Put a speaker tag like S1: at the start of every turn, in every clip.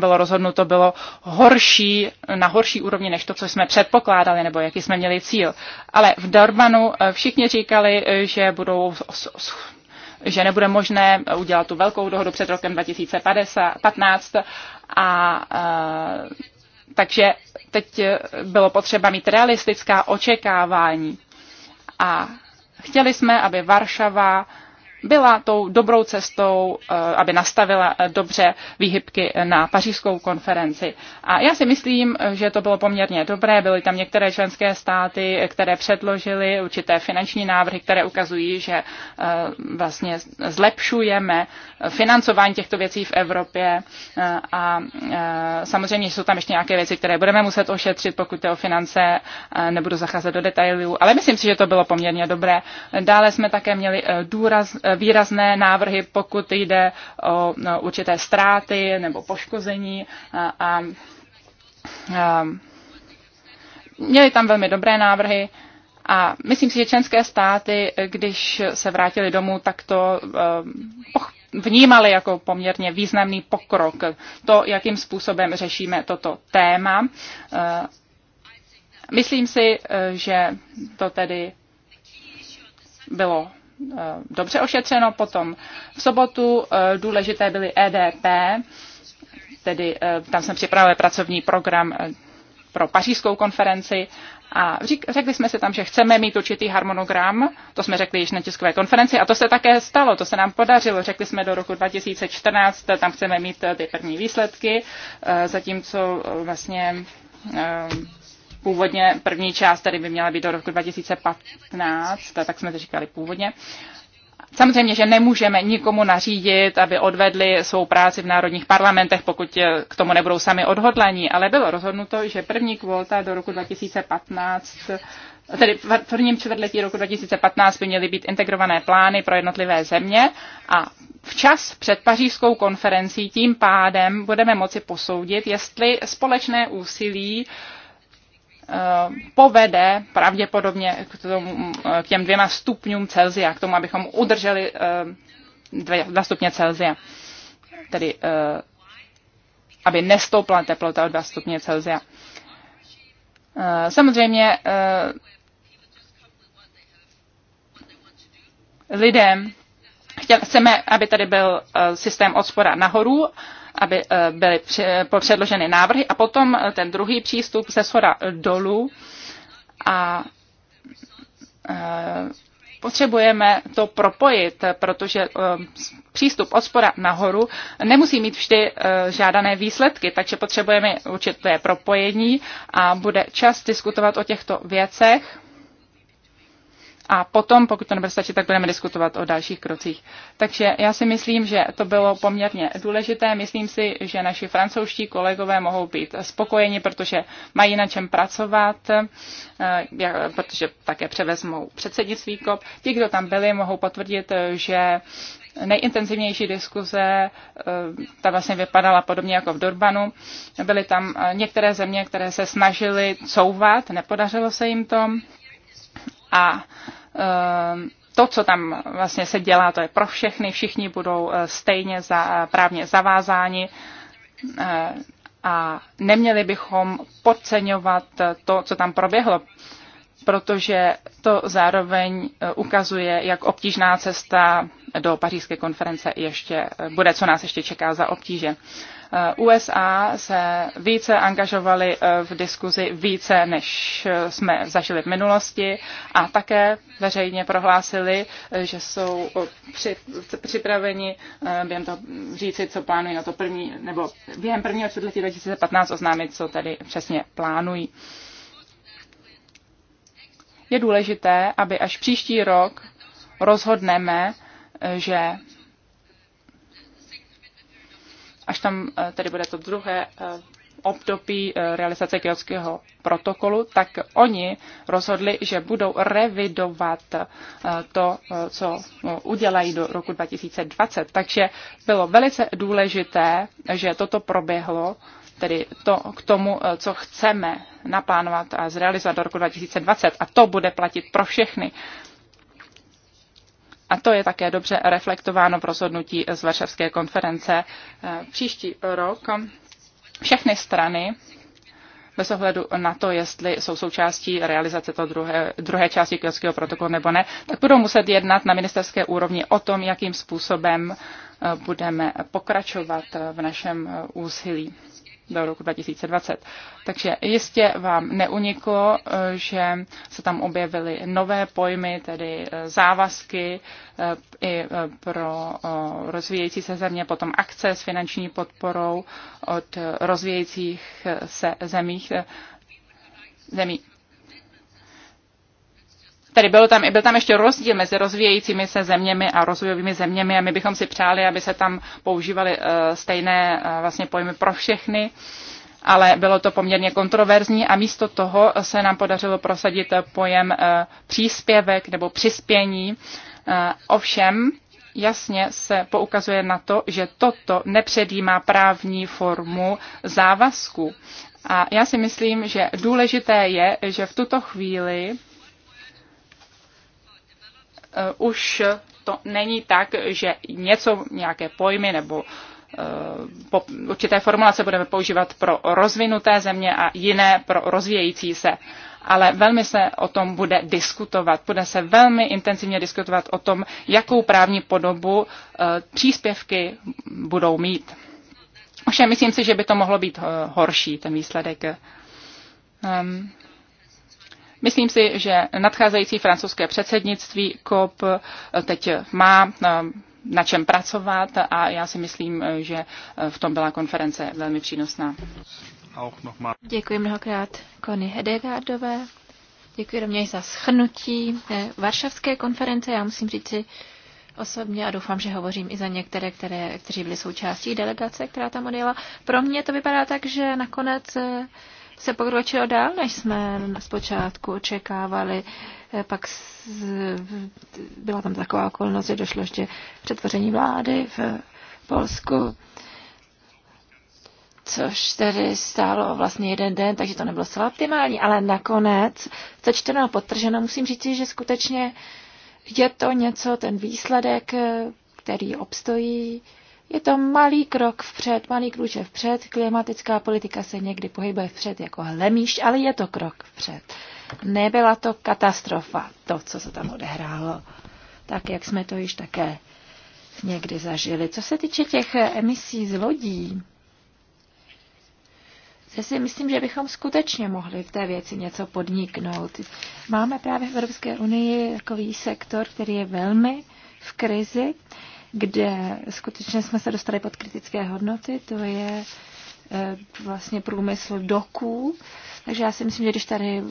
S1: bylo rozhodnuto, bylo horší, na horší úrovni než to, co jsme předpokládali nebo jaký jsme měli cíl. Ale v Durbanu eh, všichni říkali, eh, že budou že nebude možné eh, udělat tu velkou dohodu před rokem 2015 a takže teď bylo potřeba mít realistická očekávání. A chtěli jsme, aby Varšava byla tou dobrou cestou, eh, aby nastavila eh, dobře výhybky na pařížskou konferenci. A já si myslím, že to bylo poměrně dobré. Byly tam některé členské státy, které předložily určité finanční návrhy, které ukazují, že eh, vlastně zlepšujeme financování těchto věcí v Evropě a samozřejmě jsou tam ještě nějaké věci, které budeme muset ošetřit, pokud o finance, nebudu zacházet do detailů, ale myslím si, že to bylo poměrně dobré. Dále jsme také měli důraz, výrazné návrhy, pokud jde o určité ztráty nebo poškození a, a, a měli tam velmi dobré návrhy. A myslím si, že členské státy, když se vrátili domů, tak to e, vnímali jako poměrně významný pokrok. To, jakým způsobem řešíme toto téma. E, myslím si, e, že to tedy bylo Eh, dobře ošetřeno. Potom v sobotu eh, důležité byly EDP, tedy eh, tam jsem připravili pracovní program pro pařížskou konferenci a řekli jsme si tam, že chceme mít určitý harmonogram, to jsme řekli již na tiskové konferenci a to se také stalo, to se nám podařilo. Řekli jsme do roku 2014, tam chceme mít ty první výsledky, zatímco vlastně Původně první část tady by měla být do roku 2015, tak jsme to říkali původně. Samozřejmě, že nemůžeme nikomu nařídit, aby odvedli svou práci v národních parlamentech, pokud eh, k tomu nebudou sami odhodlení, ale bylo rozhodnuto, že první kvóta do roku 2015 eh, tedy v prvním čtvrtletí roku 2015 by měly být integrované plány pro jednotlivé země a včas před pařížskou konferencí tím pádem budeme moci posoudit, jestli společné úsilí uh, Eh, povede pravděpodobně k, tomu, eh, k těm dvěma stupňům Celzia, k tomu, abychom udrželi eh, dva stupně Celzia. Tedy aby nestoupla teplota o dva stupně Celsia. Samozřejmě lidem chceme, aby tady byl systém od spora nahoru aby eh, byly eh, předloženy návrhy a potom eh, ten druhý přístup ze shora dolů a potřebujeme to propojit, protože přístup od spora nahoru nemusí mít vždy žádané výsledky, takže potřebujeme určité propojení a bude čas diskutovat o těchto věcech a potom, pokud to nebude stačit, tak budeme diskutovat o dalších krocích. Takže já si myslím, že to bylo poměrně důležité. Myslím si, že naši francouzští kolegové mohou být spokojeni, protože mají na čem pracovat, eh, protože také převezmou předsednictví kop. Ti, kdo tam byli, mohou potvrdit, eh, že nejintenzivnější diskuze, eh, ta vlastně vypadala podobně jako v Durbanu. Byly tam některé země, které se snažily couvat, nepodařilo se jim to. A ehm, to, co tam vlastně se dělá, to je pro všechny, všichni budou eh, stejně za, eh, právně zavázáni eh, a neměli bychom podceňovat to, co tam proběhlo, protože to zároveň ukazuje, jak obtížná cesta do pařížské konference ještě bude, co nás ještě čeká za obtíže. Eh, USA se více angažovali eh, v diskuzi více, než eh, jsme zažili v minulosti a také veřejně prohlásili, že jsou připraveni během toho říci, co plánují na to první, nebo během prvního čtvrtletí 2015 oznámit, co tedy přesně plánují. Je důležité, aby až příští rok rozhodneme, že až tam eh, tedy bude to druhé eh, období eh, realizace Kyotského protokolu, tak oni rozhodli, že budou revidovat to, co udělají do roku 2020. Takže bylo velice důležité, že toto proběhlo, tedy to k tomu, co chceme naplánovat a zrealizovat do roku 2020. A to bude platit pro všechny. A to je také dobře reflektováno v rozhodnutí z Varšavské konference. E, příští rok všechny strany bez ohledu na to, jestli jsou součástí realizace toho druhé, druhé části Kyotského protokolu nebo ne, tak budou muset jednat na ministerské úrovni o tom, jakým způsobem e, budeme pokračovat v našem e, úsilí do roku 2020. Takže jistě vám neuniklo, eh, že se tam objevily nové pojmy, tedy eh, závazky eh, i pro rozvíjející se země, potom akce s finanční podporou od rozvíjejících se zemích, zemí Tedy bylo tam, byl tam ještě rozdíl mezi rozvíjejícími se zeměmi a rozvojovými zeměmi a my bychom si přáli, aby se tam používaly eh, stejné eh, vlastně pojmy pro všechny ale bylo to poměrně kontroverzní a místo toho se nám podařilo prosadit pojem eh, příspěvek nebo přispění. Ovšem, jasně se poukazuje na to, že toto nepředjímá právní formu závazku. A já si myslím, že důležité je, že v tuto chvíli Eh, už to není tak, že něco, nějaké pojmy nebo eh, po určité formulace budeme používat pro rozvinuté země a jiné pro rozvíjející se. Ale velmi se o tom bude diskutovat. Bude se velmi intenzivně diskutovat o tom, jakou právní podobu eh, příspěvky budou mít. Ovšem, myslím si, že by to mohlo být horší, ten výsledek. Ehm, Myslím si, že nadcházející francouzské předsednictví COP eh, teď eh, má eh, na čem pracovat a já si myslím, že v tom byla konference velmi přínosná.
S2: Děkuji
S3: mnohokrát Kony Hedegardové. Děkuji rovněž za schrnutí Varšavské konference. Já musím říct si osobně a doufám, že hovořím i za některé, které, kteří byli součástí delegace, která tam odjela. Pro mě to vypadá tak, že nakonec se pokročilo dál, než jsme zpočátku očekávali. Eh, pak byla tam taková okolnost, že došlo ještě přetvoření vlády v Polsku což tedy stálo vlastně jeden den, takže to nebylo celá optimální, ale nakonec, sečteno a potrženo, musím říct, že skutečně je to něco, ten výsledek, eh, který obstojí je to malý krok vpřed, malý kruče vpřed. Klimatická politika se někdy pohybuje vpřed jako hlemíš, ale je to krok vpřed. Nebyla to katastrofa, to, co se tam odehrálo, tak jak jsme to již také někdy zažili. Co se týče těch emisí z lodí, já si myslím, že bychom skutečně mohli v té věci něco podniknout. Máme právě v Evropské unii takový sektor, který je velmi v krizi kde skutečně jsme se dostali pod kritické hodnoty, to je eh, vlastně průmysl doků. Takže já si myslím, že když tady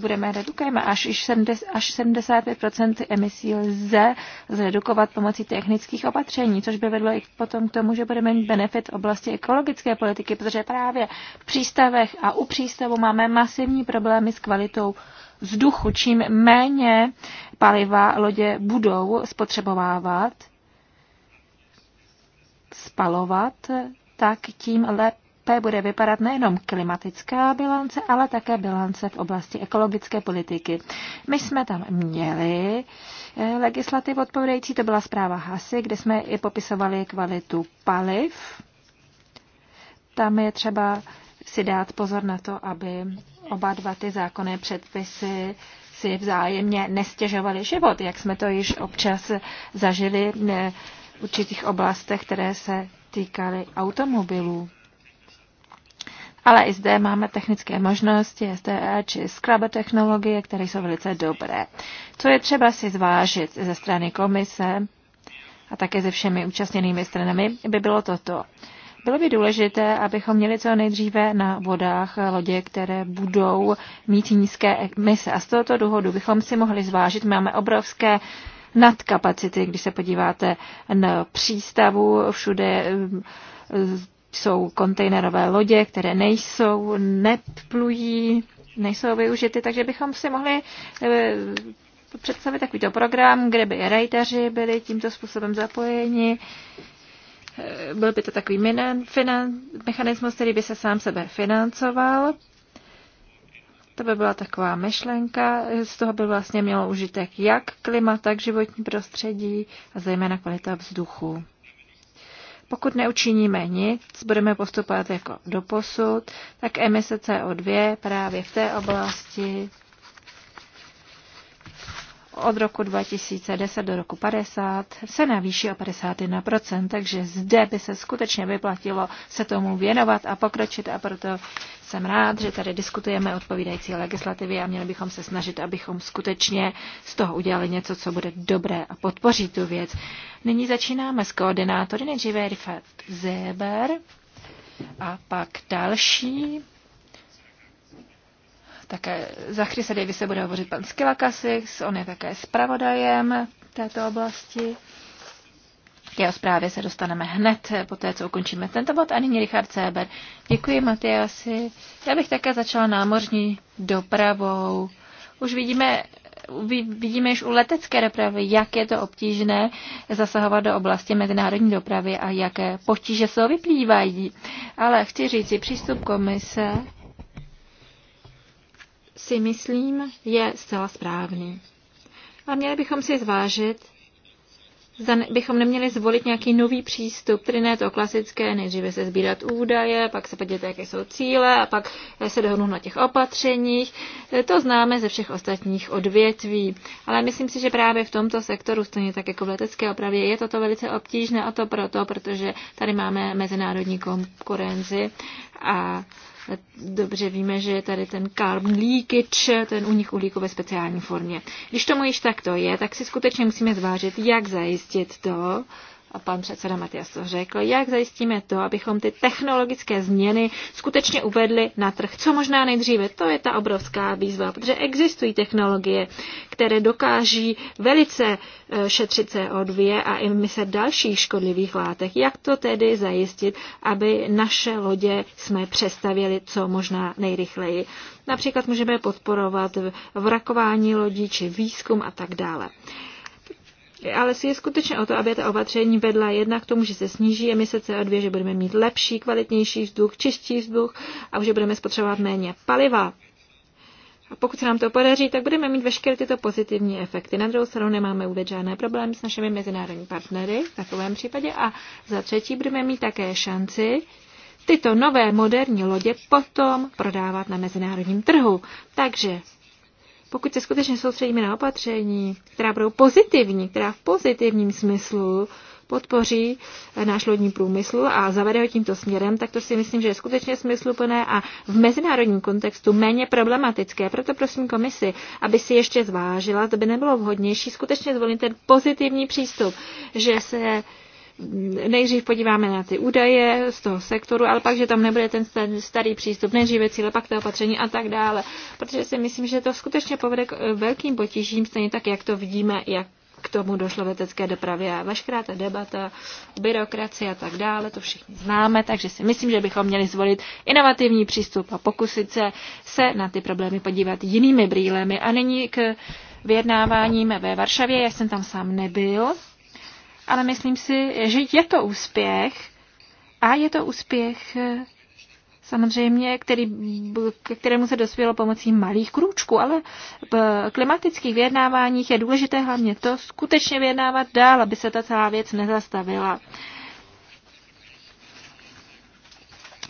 S3: budeme redukujeme až, až 75 emisí lze zredukovat pomocí technických opatření, což by vedlo i potom k tomu, že budeme mít benefit v oblasti ekologické politiky, protože právě v přístavech a u přístavu máme masivní problémy s kvalitou vzduchu. Čím méně paliva lodě budou spotřebovávat, spalovat, tak tím lépe bude vypadat nejenom klimatická bilance, ale také bilance v oblasti ekologické politiky. My jsme tam měli eh, legislativ odpovědající, to byla zpráva HASY, kde jsme i popisovali kvalitu paliv. Tam je třeba si dát pozor na to, aby oba dva ty zákonné předpisy si vzájemně nestěžovaly život, jak jsme to již občas zažili v určitých oblastech, které se týkaly automobilů. Ale i zde máme technické možnosti, STE či skrabe technologie, které jsou velice dobré. Co je třeba si zvážit ze strany komise a také ze všemi účastněnými stranami, by bylo toto. Bylo by důležité, abychom měli co nejdříve na vodách lodě, které budou mít nízké emise. A z tohoto důvodu bychom si mohli zvážit, máme obrovské nadkapacity, když se podíváte na přístavu, všude eh, jsou kontejnerové lodě, které nejsou, neplují, nejsou využity, takže bychom si mohli eh, představit takovýto program, kde by rejteři byli tímto způsobem zapojeni, Eh, byl by to takový minen finan, mechanismus, který by se sám sebe financoval. To by byla taková myšlenka, z toho by vlastně mělo užitek jak klima, tak životní prostředí a zejména kvalita vzduchu. Pokud neučiníme nic, budeme postupovat jako doposud, tak emise CO2 právě v té oblasti od roku 2010 do roku 50 se navýší o 51%, takže zde by se skutečně vyplatilo se tomu věnovat a pokročit a proto jsem rád, že tady diskutujeme odpovídající legislativy a měli bychom se snažit, abychom skutečně z toho udělali něco, co bude dobré a podpoří tu věc. Nyní začínáme s koordinátory, nejdříve Rifat Zéber a pak další také za Chrisa Davise bude hovořit pan Skilakasix, on je také zpravodajem této oblasti. K jeho zprávě se dostaneme hned po té, co ukončíme tento bod. A nyní Richard Seber. Děkuji, Matiasi. Já bych také začala námořní dopravou. Už vidíme, vidíme už u letecké dopravy, jak je to obtížné zasahovat do oblasti mezinárodní dopravy a jaké potíže se vyplývají. Ale chci říct si přístup komise si myslím, je zcela správný. A měli bychom si zvážit, zda bychom neměli zvolit nějaký nový přístup, který ne to klasické, nejdříve se sbírat údaje, pak se podívat, jaké jsou cíle a pak se dohodnout na těch opatřeních. To známe ze všech ostatních odvětví. Ale myslím si, že právě v tomto sektoru, stejně tak jako v letecké opravě, je toto velice obtížné a to proto, protože tady máme mezinárodní konkurenci a Dobře víme, že je tady ten carb leakage, ten nich uhlíku ve speciální formě. Když tomu již takto je, tak si skutečně musíme zvážit, jak zajistit to, a pan předseda Matias to řekl, jak zajistíme to, abychom ty technologické změny skutečně uvedli na trh, co možná nejdříve. To je ta obrovská výzva, protože existují technologie, které dokáží velice eh, šetřit CO2 a emise dalších škodlivých látek. Jak to tedy zajistit, aby naše lodě jsme přestavili co možná nejrychleji? Například můžeme podporovat vrakování lodí či výzkum a tak dále. Ale si je skutečně o to, aby ta opatření vedla jedna k tomu, že se sníží emise CO2, že budeme mít lepší, kvalitnější vzduch, čistší vzduch a že budeme spotřebovat méně paliva. A pokud se nám to podaří, tak budeme mít veškeré tyto pozitivní efekty. Na druhou stranu nemáme vůbec žádné problémy s našimi mezinárodní partnery v takovém případě. A za třetí budeme mít také šanci tyto nové moderní lodě potom prodávat na mezinárodním trhu. Takže pokud se skutečně soustředíme na opatření, která budou pozitivní, která v pozitivním smyslu podpoří eh, náš lodní průmysl a zavede ho tímto směrem, tak to si myslím, že je skutečně smysluplné a v mezinárodním kontextu méně problematické. Proto prosím komisi, aby si ještě zvážila, to by nebylo vhodnější skutečně zvolit ten pozitivní přístup, že se nejdřív podíváme na ty údaje z toho sektoru, ale pak, že tam nebude ten starý přístup, nejdříve cíle, pak to opatření a tak dále. Protože si myslím, že to skutečně povede k eh, velkým potížím, stejně tak, jak to vidíme, jak k tomu došlo v letecké dopravě a veškerá ta debata, byrokracie a tak dále, to všichni známe, takže si myslím, že bychom měli zvolit inovativní přístup a pokusit se, se na ty problémy podívat jinými brýlemi. A nyní k vyjednáváním ve Varšavě, já jsem tam sám nebyl, ale myslím si, že je to úspěch a je to úspěch eh, samozřejmě, který, ke kterému se dospělo pomocí malých krůčků, ale v eh, klimatických vyjednáváních je důležité hlavně to skutečně vyjednávat dál, aby se ta celá věc nezastavila.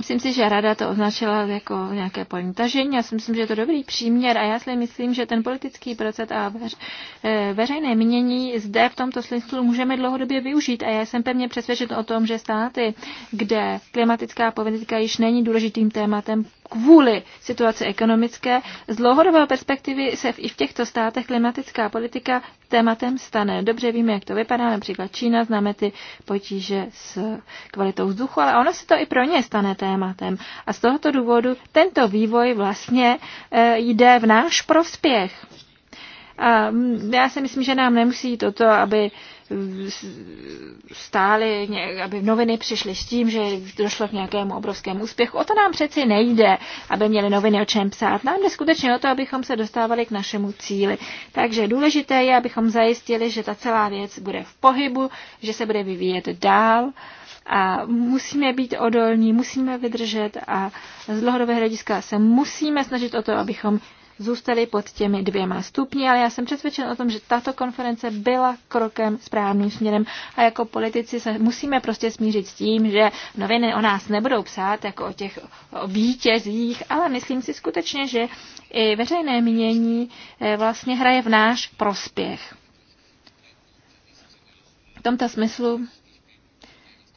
S3: Myslím si, že rada to označila jako nějaké polní tažení. Já si myslím, že je to dobrý příměr a já si myslím, že ten politický proces a veř, eh, veřejné mění zde v tomto smyslu můžeme dlouhodobě využít. A já jsem pevně přesvědčen o tom, že státy, kde klimatická politika již není důležitým tématem, kvůli situaci ekonomické, z dlouhodobé perspektivy se i v těchto státech klimatická politika tématem stane. Dobře víme, jak to vypadá, například Čína, známe ty potíže s kvalitou vzduchu, ale ono se to i pro ně stane tématem. A z tohoto důvodu tento vývoj vlastně eh, jde v náš prospěch. A mm, já si myslím, že nám nemusí toto, aby stály, aby noviny přišly s tím, že došlo k nějakému obrovskému úspěchu. O to nám přeci nejde, aby měly noviny o čem psát. Nám jde skutečně o to, abychom se dostávali k našemu cíli. Takže důležité je, abychom zajistili, že ta celá věc bude v pohybu, že se bude vyvíjet dál a musíme být odolní, musíme vydržet a z dlouhodobého hlediska se musíme snažit o to, abychom zůstaly pod těmi dvěma stupni, ale já jsem přesvědčen o tom, že tato konference byla krokem správným směrem a jako politici se musíme prostě smířit s tím, že noviny o nás nebudou psát jako o těch o vítězích, ale myslím si skutečně, že i veřejné mínění eh, vlastně hraje v náš prospěch. V tomto smyslu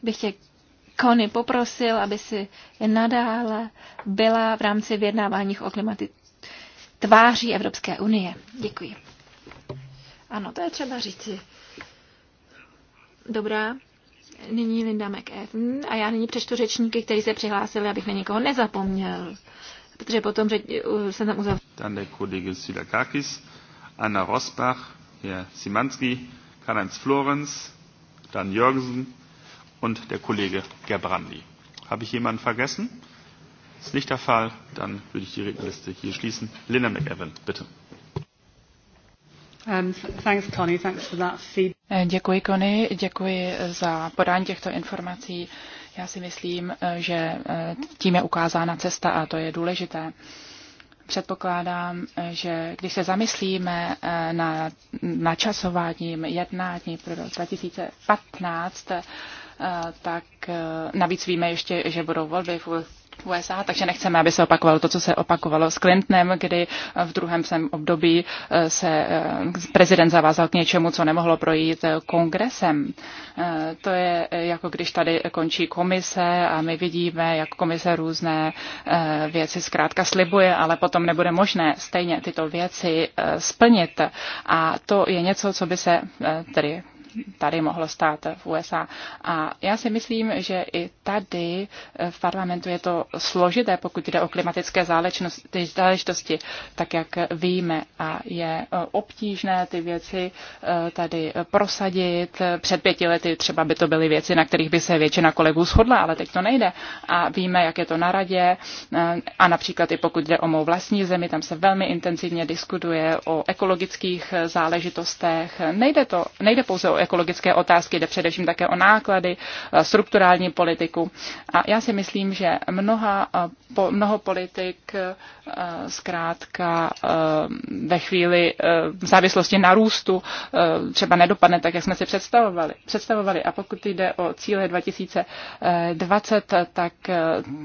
S3: bych tě Kony poprosil, aby si nadále byla v rámci vyjednávání o klimatických tváří Evropské unie. Děkuji. Ano, to je třeba říci. Dobrá. Nyní Linda McEwen a já nyní přečtu řečníky, kteří se přihlásili, abych na někoho nezapomněl. Protože potom řeč, eh, jsem tam uzavřel. Dann der Kollege Silakakis,
S1: Anna Rosbach, Herr Simanski, Karl-Heinz Florenz, Dan Jürgensen und der Kollege Gerbrandi. Habe ich jemanden vergessen? Das Ist nicht der Fall, dann würde ich die Rednerliste hier schließen. Linda McEwan, bitte. Um, thanks, Connie. Thanks for that feedback. Eh, děkuji, Connie. Děkuji za podání těchto informací. Já si myslím, eh, že eh, tím je ukázána cesta a to je důležité. Předpokládám, že když se zamyslíme na načasováním jednání pro 2015, tak navíc víme ještě, že budou volby v USA, takže nechceme, aby se opakovalo to, co se opakovalo s Clintonem, kdy eh, v druhém svém období eh, se eh, prezident zavázal k něčemu, co nemohlo projít kongresem. To je jako když tady končí komise a my vidíme, jak komise různé věci zkrátka slibuje, ale potom nebude možné stejně tyto věci splnit. A to je něco, co by se tedy tady mohlo stát v USA. A já si myslím, že i tady v parlamentu je to složité, pokud jde o klimatické záležitosti, tak jak víme. A je obtížné ty věci eh, tady prosadit. Před pěti lety třeba by to byly věci, na kterých by se většina kolegů shodla, ale teď to nejde. A víme, jak je to na radě. Eh, a například i pokud jde o mou vlastní zemi, tam se velmi intenzivně diskutuje o ekologických eh, záležitostech. Nejde, to, nejde pouze o ekologické otázky, jde především také o náklady, eh, strukturální politiku. A já si myslím, že mnoha, eh, mnoho politik eh, zkrátka ve chvíli v závislosti na růstu třeba nedopadne tak, jak jsme si představovali. představovali. A pokud jde o cíle 2020, tak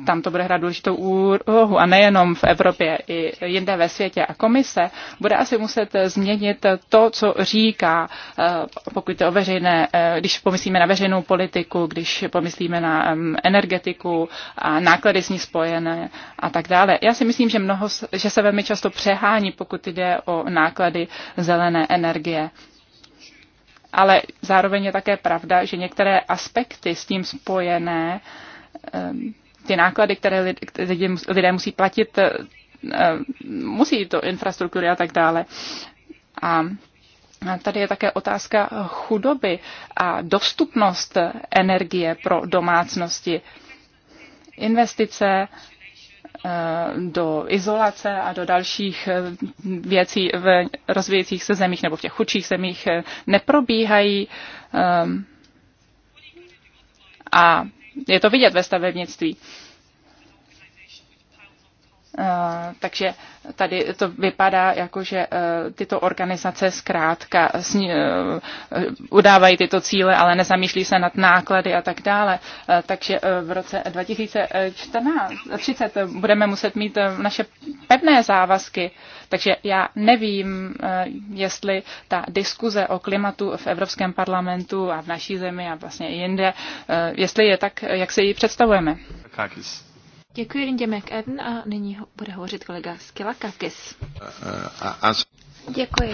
S1: tam to bude hrát důležitou úlohu a nejenom v Evropě, i jinde ve světě. A komise bude asi muset změnit to, co říká, pokud jde o veřejné, eh, když pomyslíme na veřejnou politiku, když pomyslíme na energetiku a náklady s ní spojené a tak dále. Já si myslím, že, mnoho, že se velmi často přehání, pokud jde o náklady zelené energie. Ale zároveň je také pravda, že některé aspekty s tím spojené, ty náklady, které lidé musí platit, eh, eh, musí to infrastruktury a tak dále. A Tady je také otázka chudoby a dostupnost energie pro domácnosti. Investice eh, do izolace a do dalších eh, věcí v rozvíjejících se zemích nebo v těch chudších zemích eh, neprobíhají. A je to vidět ve stavebnictví. Eh, takže tady to vypadá jako, že eh, tyto organizace zkrátka eh, udávají tyto cíle, ale nezamýšlí se nad náklady a tak dále. Takže v roce 2030 budeme muset mít naše pevné závazky. Takže já nevím, jestli ta diskuze o klimatu v Evropském parlamentu a v naší zemi a vlastně i jinde, jestli je tak, jak si ji představujeme.
S3: Děkuji Rindě McEwen a nyní bude hovořit kolega Skilakakis. Děkuji.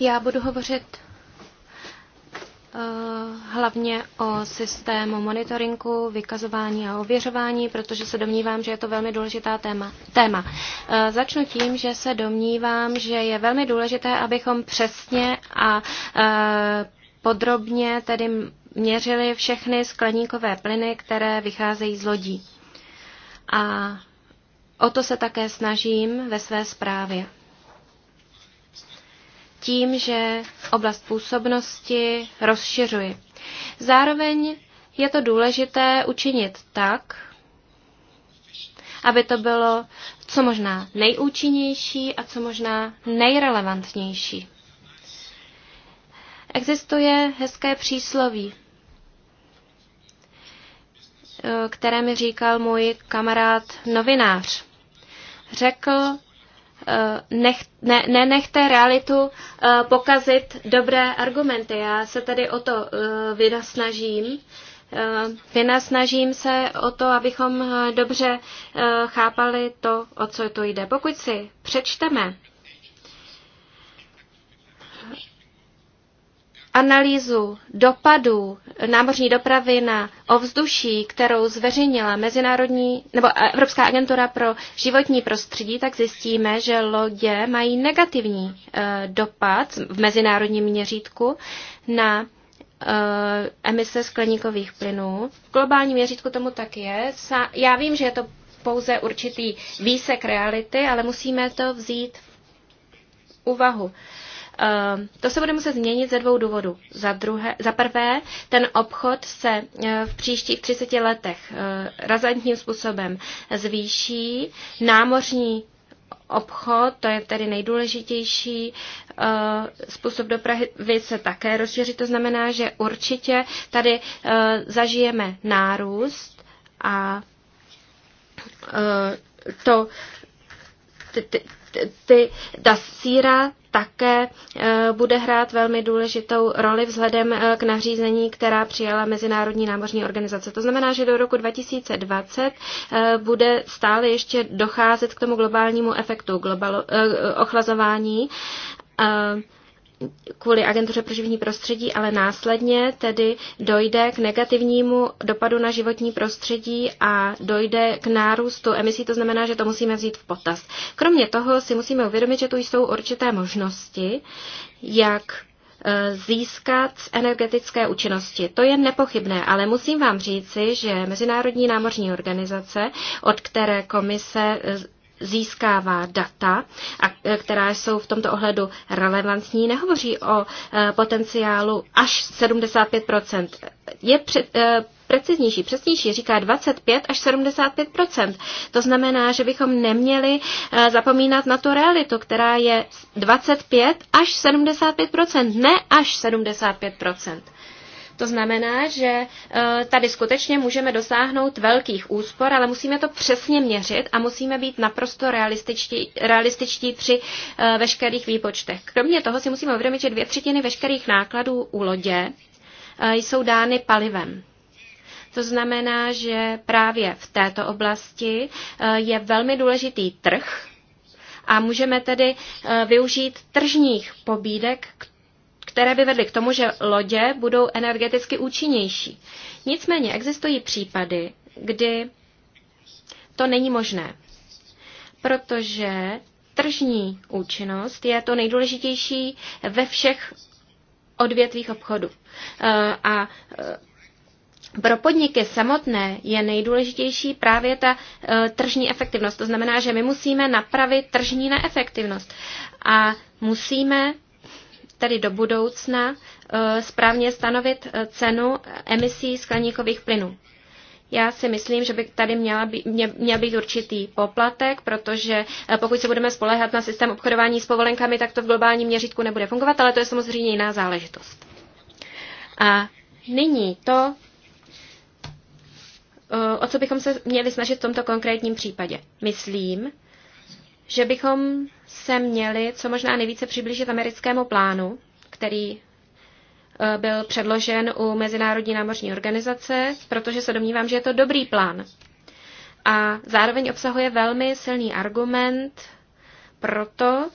S3: Já budu hovořit
S2: eh, hlavně o systému monitoringu, vykazování a ověřování, protože se domnívám, že je to velmi důležitá téma. téma. Eh, začnu tím, že se domnívám, že je velmi důležité, abychom přesně a eh, podrobně tedy měřili všechny skleníkové plyny, které vycházejí z lodí. A o to se také snažím ve své zprávě. Tím, že oblast působnosti rozšiřuji. Zároveň je to důležité učinit tak, aby to bylo co možná nejúčinnější a co možná nejrelevantnější. Existuje hezké přísloví. Eh, které mi říkal můj kamarád novinář. Řekl, eh, nech, ne, nenechte realitu eh, pokazit dobré argumenty. Já se tady o to vynasnažím. Vynasnažím se o to, abychom dobře chápali to, o co to jde. Pokud si přečteme analýzu dopadů námořní dopravy na ovzduší, kterou zveřejnila Mezinárodní nebo Evropská agentura pro životní prostředí, tak zjistíme, že lodě mají negativní eh, dopad v mezinárodním měřítku na eh, emise skleníkových plynů. V globálním měřítku tomu tak je. Já vím, že je to pouze určitý výsek reality, ale musíme to vzít v úvahu. Ehm, to se bude muset změnit ze dvou důvodů. Za, druhé, za prvé, ten obchod se eh, v příštích 30 letech eh, razantním způsobem zvýší. Námořní obchod, to je tedy nejdůležitější eh, způsob dopravy, se také rozšíří. To znamená, že určitě tady zažijeme nárůst a to ty, ty, ty, ta síra také eh, bude hrát velmi důležitou roli vzhledem eh, k nařízení, která přijala Mezinárodní námořní organizace. To znamená, že do roku 2020 eh, bude stále ještě docházet k tomu globálnímu efektu globalo, ochlazování kvůli agentuře pro životní prostředí, ale následně tedy dojde k negativnímu dopadu na životní prostředí a dojde k nárůstu emisí, to znamená, že to musíme vzít v potaz. Kromě toho si musíme uvědomit, že tu jsou určité možnosti, jak eh, získat z energetické účinnosti. To je nepochybné, ale musím vám říci, že Mezinárodní námořní organizace, od které komise eh, získává data, e, která jsou v tomto ohledu relevantní, nehovoří o e, potenciálu až 75 Je před, e, preciznější, přesnější, říká 25 až 75 To znamená, že bychom neměli zapomínat na tu realitu, která je 25 až 75 ne až 75 to znamená, že eh, tady skutečně můžeme dosáhnout velkých úspor, ale musíme to přesně měřit a musíme být naprosto realističtí, realističtí při eh, veškerých výpočtech. Kromě toho si musíme uvědomit, že dvě třetiny veškerých nákladů u lodě eh, jsou dány palivem. To znamená, že právě v této oblasti je velmi důležitý trh a můžeme tedy využít tržních pobídek k které by vedly k tomu, že lodě budou energeticky účinnější. Nicméně existují případy, kdy to není možné, protože tržní účinnost je to nejdůležitější ve všech odvětvích obchodu. Eh, a eh, pro podniky samotné je nejdůležitější právě ta eh, tržní efektivnost. To znamená, že my musíme napravit tržní neefektivnost a musíme tedy do budoucna eh, správně stanovit eh, cenu emisí skleníkových plynů. Já si myslím, že by tady měla být, mě, měl být určitý poplatek, protože eh, pokud se budeme spolehat na systém obchodování s povolenkami, tak to v globálním měřítku nebude fungovat, ale to je samozřejmě jiná záležitost. A nyní to, o co bychom se měli snažit v tomto konkrétním případě. Myslím, že bychom se měli co možná nejvíce přiblížit americkému plánu, který eh, byl předložen u Mezinárodní námořní organizace, protože se domnívám, že je to dobrý plán. A zároveň obsahuje velmi silný argument pro to,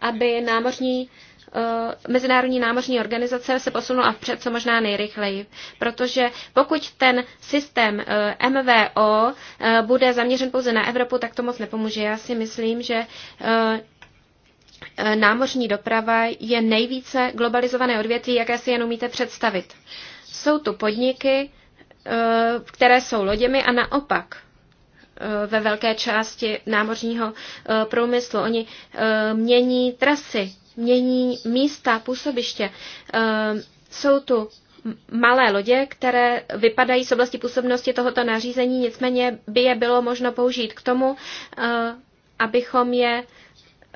S2: aby námořní Eh, Mezinárodní námořní organizace se posunula vpřed co možná nejrychleji, protože pokud ten systém eh, MVO eh, bude zaměřen pouze na Evropu, tak to moc nepomůže. Já si myslím, že námořní doprava je nejvíce globalizované odvětví, jaké si jen umíte představit. Jsou tu podniky, které jsou loděmi a naopak ve velké části námořního průmyslu. Oni mění trasy, mění místa působiště. Ehm, jsou tu malé lodě, které vypadají z oblasti působnosti tohoto nařízení, nicméně by je bylo možno použít k tomu, eh, abychom je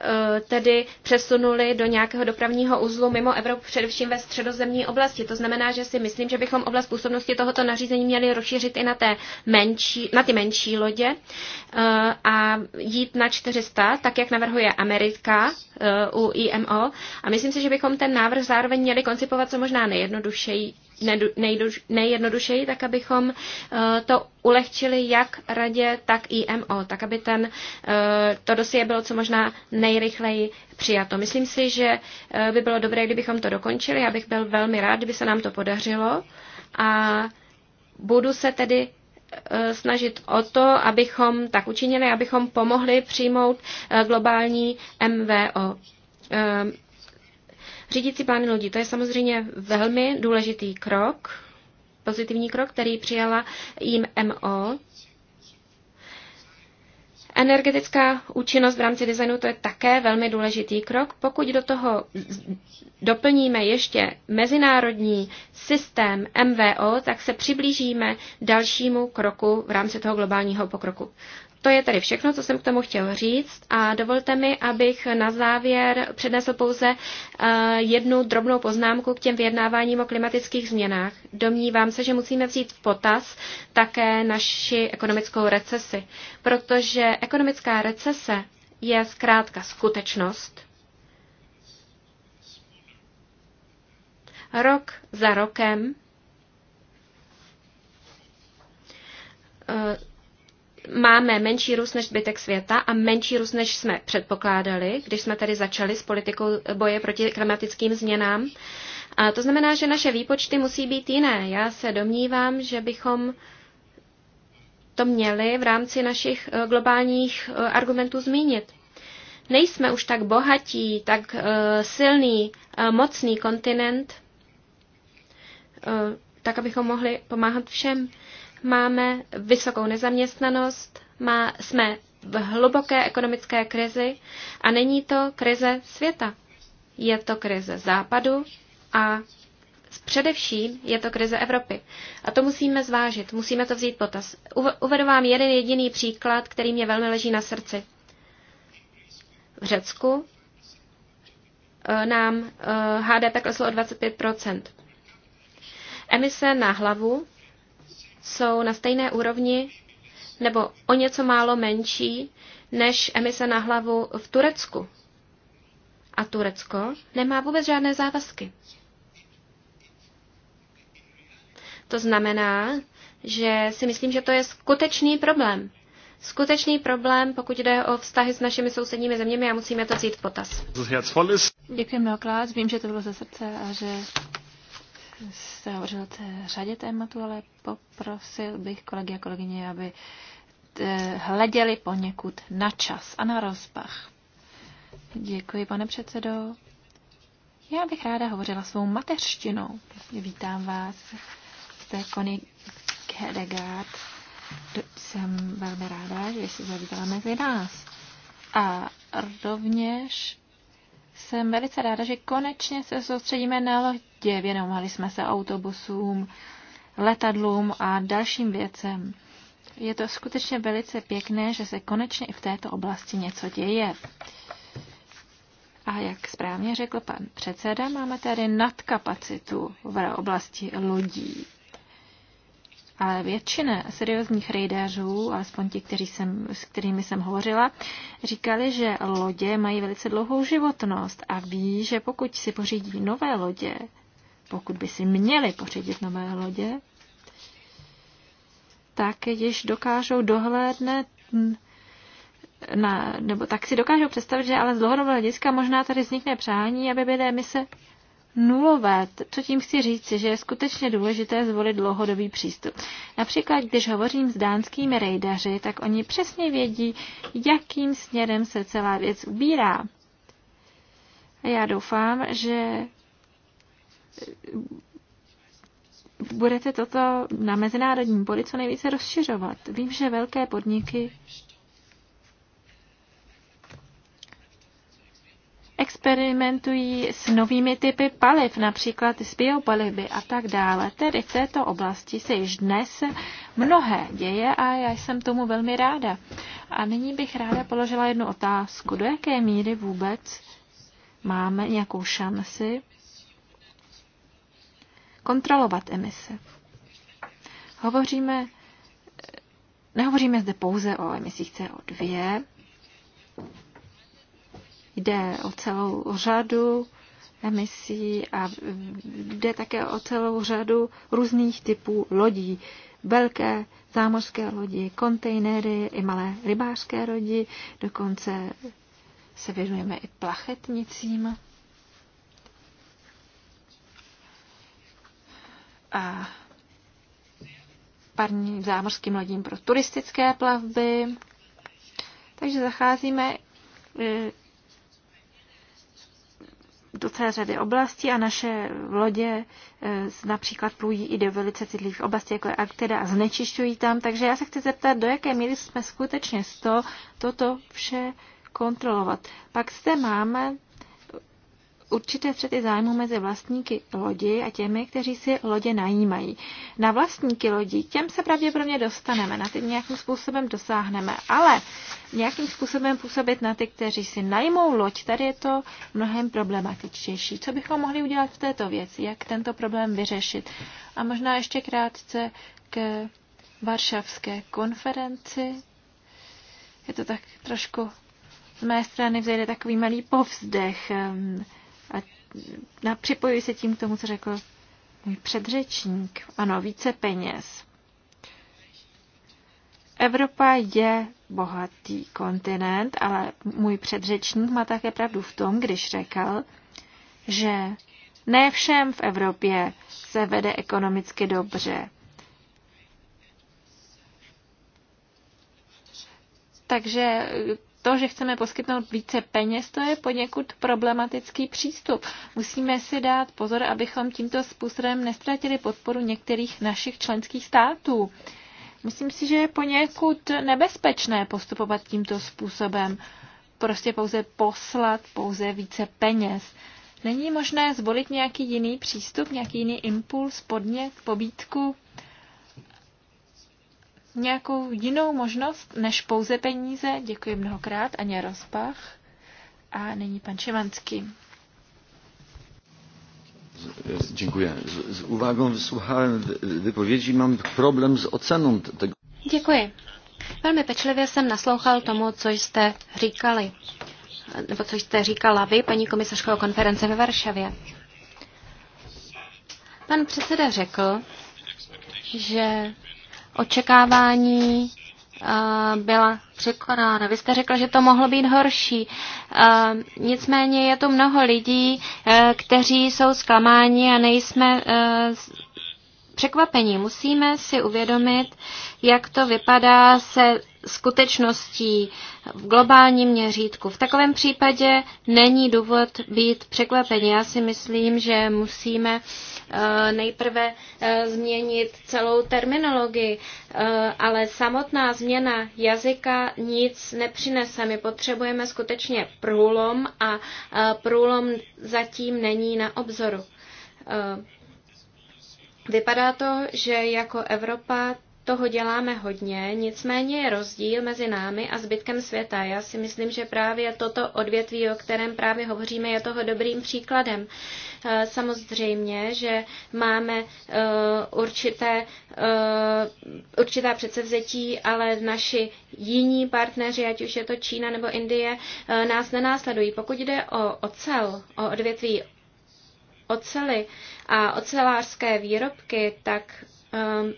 S2: Eh, tedy přesunuli do nějakého dopravního uzlu mimo Evropu, především ve středozemní oblasti. To znamená, že si myslím, že bychom oblast působnosti tohoto nařízení měli rozšířit i na, té menší, na ty menší lodě eh, a jít na 400, tak jak navrhuje Amerika eh, u IMO. A myslím si, že bychom ten návrh zároveň měli koncipovat co možná nejjednodušeji nejjednodušeji, tak abychom eh, to ulehčili jak radě, tak IMO, tak aby ten, eh, to dosie bylo co možná nejrychleji přijato. Myslím si, že eh, by bylo dobré, kdybychom to dokončili. Já bych byl velmi rád, kdyby se nám to podařilo a budu se tedy snažit o to, abychom tak učinili, abychom pomohli přijmout globální MVO Řídící plány lodí, to je samozřejmě velmi důležitý krok, pozitivní krok, který přijala jim MO. Energetická účinnost v rámci designu to je také velmi důležitý krok. Pokud do toho doplníme ještě mezinárodní systém MVO, tak se přiblížíme dalšímu kroku v rámci toho globálního pokroku. To je tedy všechno, co jsem k tomu chtěl říct a dovolte mi, abych na závěr přednesl pouze eh, jednu drobnou poznámku k těm vyjednáváním o klimatických změnách. Domnívám se, že musíme vzít v potaz také naši ekonomickou recesi, protože ekonomická recese je zkrátka skutečnost. Rok za rokem eh, máme menší růst než zbytek světa a menší růst než jsme předpokládali, když jsme tady začali s politikou boje proti klimatickým změnám. A to znamená, že naše výpočty musí být jiné. Já se domnívám, že bychom to měli v rámci našich eh, globálních eh, argumentů zmínit. Nejsme už tak bohatí, tak eh, silný, mocný kontinent, tak abychom mohli pomáhat všem. Máme vysokou nezaměstnanost, má, jsme v hluboké ekonomické krizi a není to krize světa. Je to krize západu a Především je to krize Evropy. A to musíme zvážit, musíme to vzít potaz. Uvedu vám jeden jediný příklad, který mě velmi leží na srdci. V Řecku e, nám e, HDP kleslo o 25 Emise na hlavu jsou na stejné úrovni nebo o něco málo menší než emise na hlavu v Turecku. A Turecko nemá vůbec žádné závazky. To znamená, že si myslím, že to je skutečný problém. Skutečný problém, pokud jde o vztahy s našimi sousedními zeměmi a musíme to vzít
S3: v potaz. Děkuji mnohokrát, vím, že to bylo ze srdce a že se hovořil o řadě tématu, ale poprosil bych kolegy a kolegyně, aby eh, hleděli poněkud na čas a na rozpach. Děkuji, pane předsedo. Já bych ráda hovořila svou mateřštinou. Vlastně vítám vás, jste Connie Kedegard. Jsem velmi ráda, že se zavítala mezi nás. A rovněž jsem velice ráda, že konečně se soustředíme na lodě. Věnovali jsme se autobusům, letadlům a dalším věcem. Je to skutečně velice pěkné, že se konečně i v této oblasti něco děje. A jak správně řekl pan předseda, máme tady nadkapacitu v oblasti lodí. Ale většina seriózních rejdařů, alespoň ti, kteří jsem, s kterými jsem hovořila, říkali, že lodě mají velice dlouhou životnost a ví, že pokud si pořídí nové lodě, pokud by si měli pořídit nové lodě, tak již dokážou dohlédnout na, nebo tak si dokážou představit, že ale z dlouhodobého hlediska možná tady vznikne přání, aby byly emise nulové. Co tím chci říct, že je skutečně důležité zvolit dlouhodobý přístup. Například, když hovořím s dánskými rejdaři, tak oni přesně vědí, jakým směrem se celá věc ubírá. A já doufám, že budete toto na mezinárodním poli co nejvíce rozšiřovat. Vím, že velké podniky experimentují s novými typy paliv, například s biopalivy a tak dále. Tedy v této oblasti se již dnes mnohé děje a já jsem tomu velmi ráda. A nyní bych ráda položila jednu otázku. Do jaké míry vůbec máme nějakou šanci kontrolovat emise? Hovoříme, nehovoříme zde pouze o emisích CO2, Jde o celou řadu emisí a jde také o celou řadu různých typů lodí. Velké zámořské lodi, kontejnery, i malé rybářské lodi, dokonce se věnujeme i plachetnicím. A parním zámořským lodím pro turistické plavby. Takže zacházíme eh, do celé řady oblastí a naše lodě e, například plují i do velice citlivých oblastí, jako je Arktida a znečišťují tam. Takže já se chci zeptat, do jaké míry jsme skutečně z to, toto vše kontrolovat. Pak zde máme určité střety zájmu mezi vlastníky lodi a těmi, kteří si lodě najímají. Na vlastníky lodí těm se pravděpodobně dostaneme, na ty nějakým způsobem dosáhneme, ale nějakým způsobem působit na ty, kteří si najmou loď, tady je to mnohem problematičtější. Co bychom mohli udělat v této věci, jak tento problém vyřešit? A možná ještě krátce k Varšavské konferenci. Je to tak trošku z mé strany vzejde takový malý povzdech na, připojuji se tím k tomu, co řekl můj předřečník. Ano, více peněz. Evropa je bohatý kontinent, ale můj předřečník má také pravdu v tom, když řekl, že ne všem v Evropě se vede ekonomicky dobře. Takže to, že chceme poskytnout více peněz, to je poněkud problematický přístup. Musíme si dát pozor, abychom tímto způsobem nestratili podporu některých našich členských států. Myslím si, že je poněkud nebezpečné postupovat tímto způsobem. Prostě pouze poslat pouze více peněz. Není možné zvolit nějaký jiný přístup, nějaký jiný impuls, podnět, pobítku? nějakou jinou možnost než pouze peníze. Děkuji mnohokrát, Aně Rozbach. A nyní pan Čemanský. Dziękuję. Z, z uwagą wysłuchałem wypowiedzi. Mam problem z oceną tego. Děkuji.
S2: Velmi pečlivě jsem naslouchal tomu, co jste říkali, nebo co jste říkala vy, paní komisařko konference ve Varšavě. Pan předseda řekl, že očekávání eh, byla překonána. Vy jste řekl, že to mohlo být horší. Eh, nicméně je tu mnoho lidí, eh, kteří jsou zklamáni a nejsme překvapení. Musíme si uvědomit, jak to vypadá se skutečností v globálním měřítku. V takovém případě není důvod být překvapení. Já si myslím, že musíme uh, Eh, nejprve eh, změnit celou terminologii, eh, ale samotná změna jazyka nic nepřinese. My potřebujeme skutečně
S3: průlom
S2: a průlom zatím není na obzoru. Vypadá to, že jako Evropa toho děláme hodně, nicméně je rozdíl mezi námi a zbytkem světa. Já si myslím, že právě toto odvětví, o kterém právě hovoříme, je toho dobrým příkladem. Eh, samozřejmě, že máme eh, určité, eh, určitá předsevzetí, ale naši jiní partneři, ať už je to Čína nebo Indie, nás nenásledují. Pokud jde o ocel, o odvětví ocely a ocelářské výrobky, tak ehm,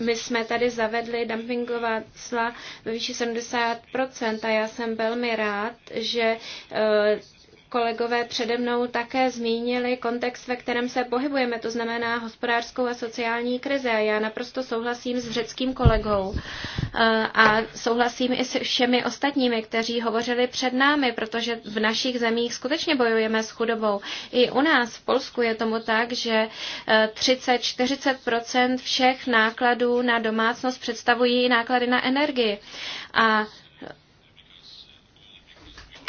S2: my jsme tady zavedli dumpingová cla ve výši 70% a já jsem velmi rád, že eh, kolegové přede mnou také zmínili kontext, ve kterém se pohybujeme, to znamená hospodářskou a sociální krize. Já naprosto souhlasím s řeckým kolegou eh, a souhlasím i s všemi ostatními, kteří hovořili před námi, protože v našich zemích skutečně bojujeme s chudobou. I u nás v Polsku je tomu tak, že 30-40 eh, všech nákladů na domácnost představují náklady na energii. A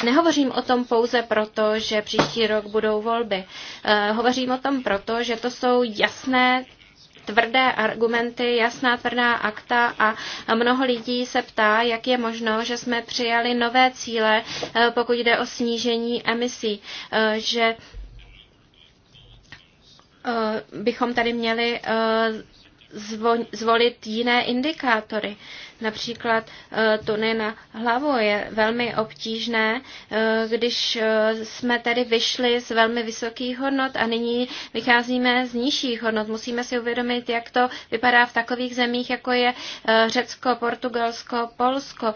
S2: Nehovořím o tom pouze proto, že příští rok budou volby. Eh, hovořím o tom proto, že to jsou jasné tvrdé argumenty, jasná tvrdá akta a mnoho lidí se ptá, jak je možno, že jsme přijali nové cíle, eh, pokud jde o snížení emisí, eh, že bychom tady měli zvolit jiné indikátory. Například e, tuny na hlavu je velmi obtížné, e, když e, jsme tady vyšli z velmi vysokých hodnot a nyní vycházíme z nižších hodnot. Musíme si uvědomit, jak to vypadá v takových zemích, jako je Řecko, Portugalsko, Polsko.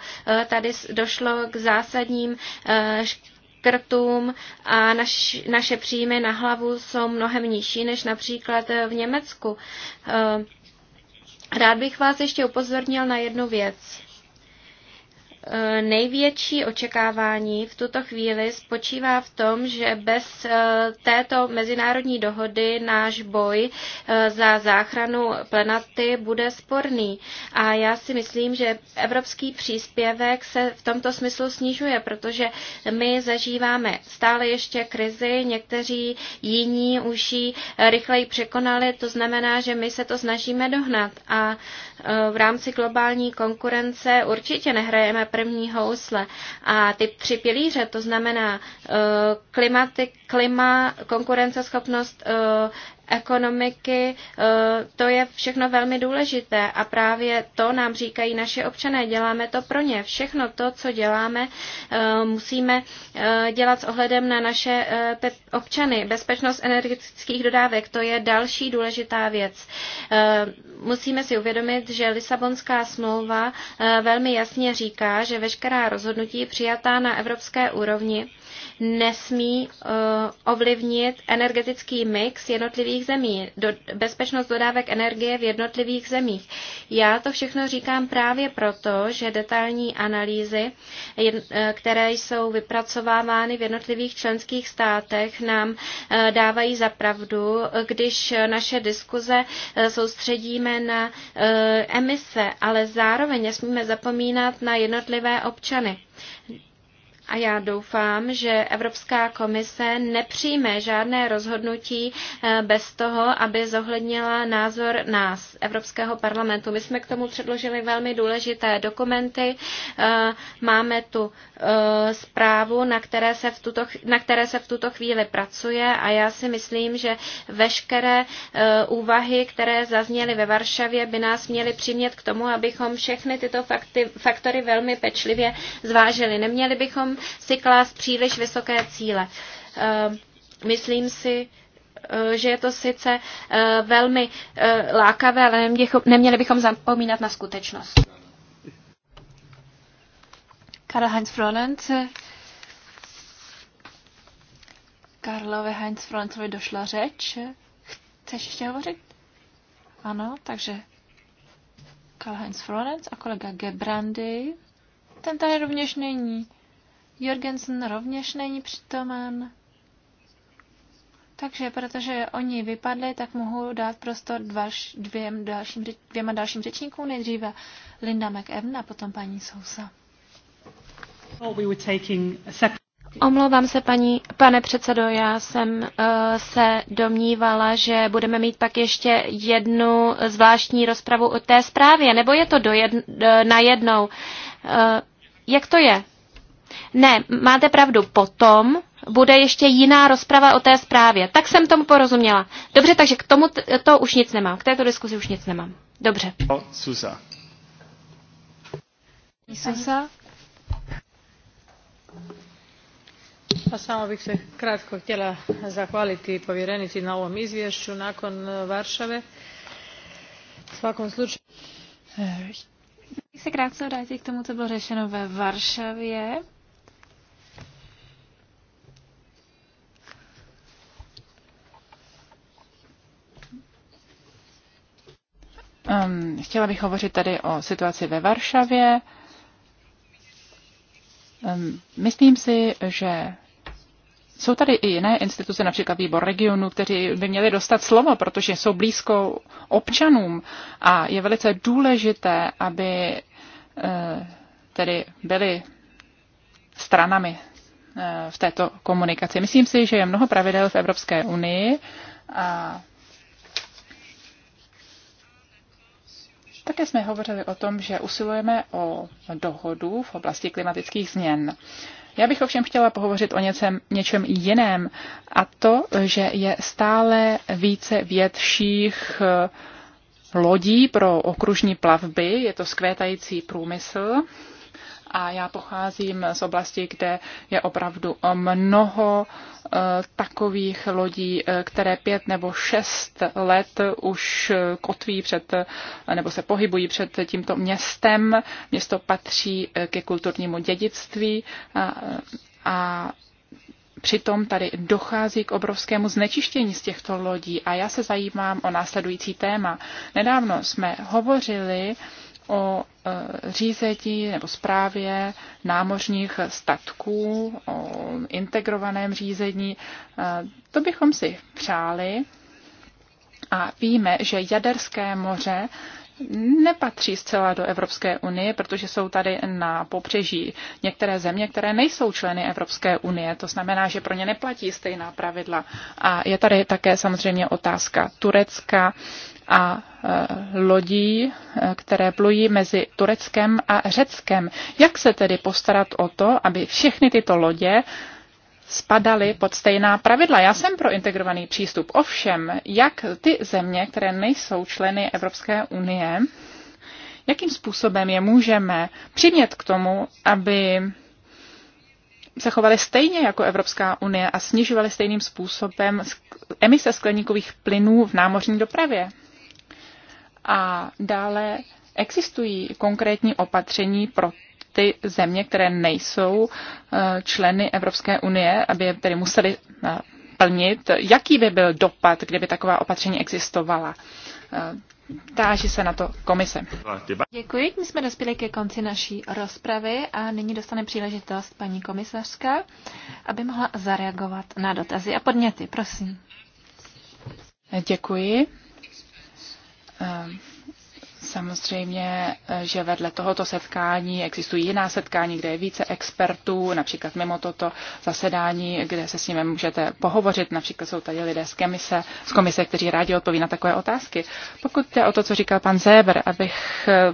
S2: Tady došlo k zásadním krtům a naš, naše příjmy na hlavu jsou mnohem nižší než například v Německu. Rád bych vás ještě upozornil na jednu věc. Eh, největší očekávání v tuto chvíli spočívá v tom, že bez eh, této mezinárodní dohody náš boj eh, za záchranu planety bude sporný. A já si myslím, že evropský příspěvek se v tomto smyslu snižuje, protože my zažíváme stále ještě krizi, někteří jiní už ji rychleji překonali, to znamená, že my se to snažíme dohnat. A v rámci globální konkurence určitě nehrajeme první housle. A ty tři pilíře, to znamená eh, klimaty, klima, konkurenceschopnost, eh, ekonomiky, eh, to je všechno velmi důležité a právě to nám říkají naše občané, děláme to pro ně. Všechno to, co děláme, eh, musíme eh, dělat s ohledem na naše občany. Bezpečnost energetických dodávek, to je další důležitá věc. Musíme si uvědomit, že Lisabonská smlouva velmi jasně říká, že veškerá rozhodnutí přijatá na evropské úrovni nesmí eh, ovlivnit energetický mix jednotlivých zemí, do, bezpečnost dodávek energie v jednotlivých zemích. Já to všechno říkám právě proto, že detailní analýzy, eh, které jsou vypracovávány v jednotlivých členských státech, nám eh, dávají za pravdu, když naše diskuze soustředíme na emise, ale zároveň nesmíme zapomínat na jednotlivé občany a já doufám, že Evropská komise nepřijme žádné rozhodnutí eh, bez toho, aby zohlednila názor nás, Evropského parlamentu. My jsme k tomu předložili velmi důležité dokumenty. Eh, máme tu eh, zprávu, na které se v tuto, na které se v tuto chvíli pracuje a já si myslím, že veškeré úvahy, které zazněly ve Varšavě, by nás měly přimět k tomu, abychom všechny tyto fakty, faktory velmi pečlivě zvážili. Neměli bychom si klást příliš vysoké cíle. Ehm, myslím si, eh, že je to sice eh, velmi eh, lákavé, ale neměli bychom zapomínat na skutečnost.
S3: Karl-Heinz Fronent. Karlovi Heinz Frontovi došla řeč. Chceš ještě hovořit? Ano, takže Karl Heinz Florence a kolega Gebrandy. Ten tady rovněž není. Jorgensen rovněž není přítomen. Takže protože oni vypadli, tak mohu dát prostor dvaž, dvěm dalším, dvěma dalším řečníkům, nejdříve Linda McEwen a potom paní Sousa.
S2: Omlouvám se, paní, pane předsedo, já jsem uh, se domnívala, že budeme mít pak ještě jednu zvláštní rozpravu o té zprávě, nebo je to do jedn, uh, eh, najednou. Uh, eh, jak to je? Ne, máte pravdu, potom bude ještě jiná rozprava o té zprávě. Tak jsem tomu porozuměla. Dobře, takže k tomu to už nic nemám. K této diskuzi už nic nemám.
S3: Dobře. No, Susa. Susa. A samo bych se kratko htjela zahvaliti povjerenici na ovom izvješću nakon e, Varšave. V svakom slučaju... Eh, se krátce vrátit k tomu, co bylo řešeno ve Varšavě.
S1: Um, chtěla bych hovořit tady o situaci ve Varšavě. Um, myslím si, že jsou tady i jiné instituce, například výbor regionu, kteří by měli dostat slovo, protože jsou blízko občanům a je velice důležité, aby eh, tedy byly stranami eh, v této komunikaci. Myslím si, že je mnoho pravidel v Evropské unii a Také jsme hovořili o tom, že usilujeme o dohodu v oblasti klimatických změn. Já bych ovšem chtěla pohovořit o něcem, něčem jiném, a to, že je stále více větších eh, lodí pro okružní plavby, je to skvětající průmysl a já pocházím z oblasti, kde je opravdu mnoho eh, takových lodí, eh, které pět nebo šest let už eh, kotví před, nebo se pohybují před tímto městem. Město patří ke kulturnímu dědictví a, a Přitom tady dochází k obrovskému znečištění z těchto lodí a já se zajímám o následující téma. Nedávno jsme hovořili uh, o e, řízení nebo správě námořních statků, o integrovaném řízení. E, to bychom si přáli a víme, že Jaderské moře nepatří zcela do Evropské unie, protože jsou tady na popřeží některé země, které nejsou členy Evropské unie. To znamená, že pro ně neplatí stejná pravidla. A je tady také samozřejmě otázka Turecka a e, lodí, e, které plují mezi Tureckem a Řeckem. Jak se tedy postarat o to, aby všechny tyto lodě spadaly pod stejná pravidla. Já jsem pro integrovaný přístup. Ovšem, jak ty země, které nejsou členy Evropské unie, jakým způsobem je můžeme přimět k tomu, aby se chovaly stejně jako Evropská unie a snižovaly stejným způsobem emise skleníkových plynů v námořní dopravě. A dále existují konkrétní opatření pro ty země, které nejsou eh, členy Evropské unie, aby je tedy museli eh, plnit, jaký by byl dopad, kdyby taková opatření existovala. Eh, táží se na to komise.
S3: Děkuji, my jsme dospěli ke konci naší rozpravy a nyní dostane příležitost paní komisařka, aby mohla zareagovat na dotazy a podněty. Prosím. Děkuji. Samozřejmě, že vedle tohoto
S1: setkání existují jiná setkání, kde je více expertů, například mimo toto zasedání, kde se s nimi můžete pohovořit. Například jsou tady lidé z komise, z komise kteří rádi odpoví na takové otázky. Pokud jde o to, co říkal pan Zéber, abych eh,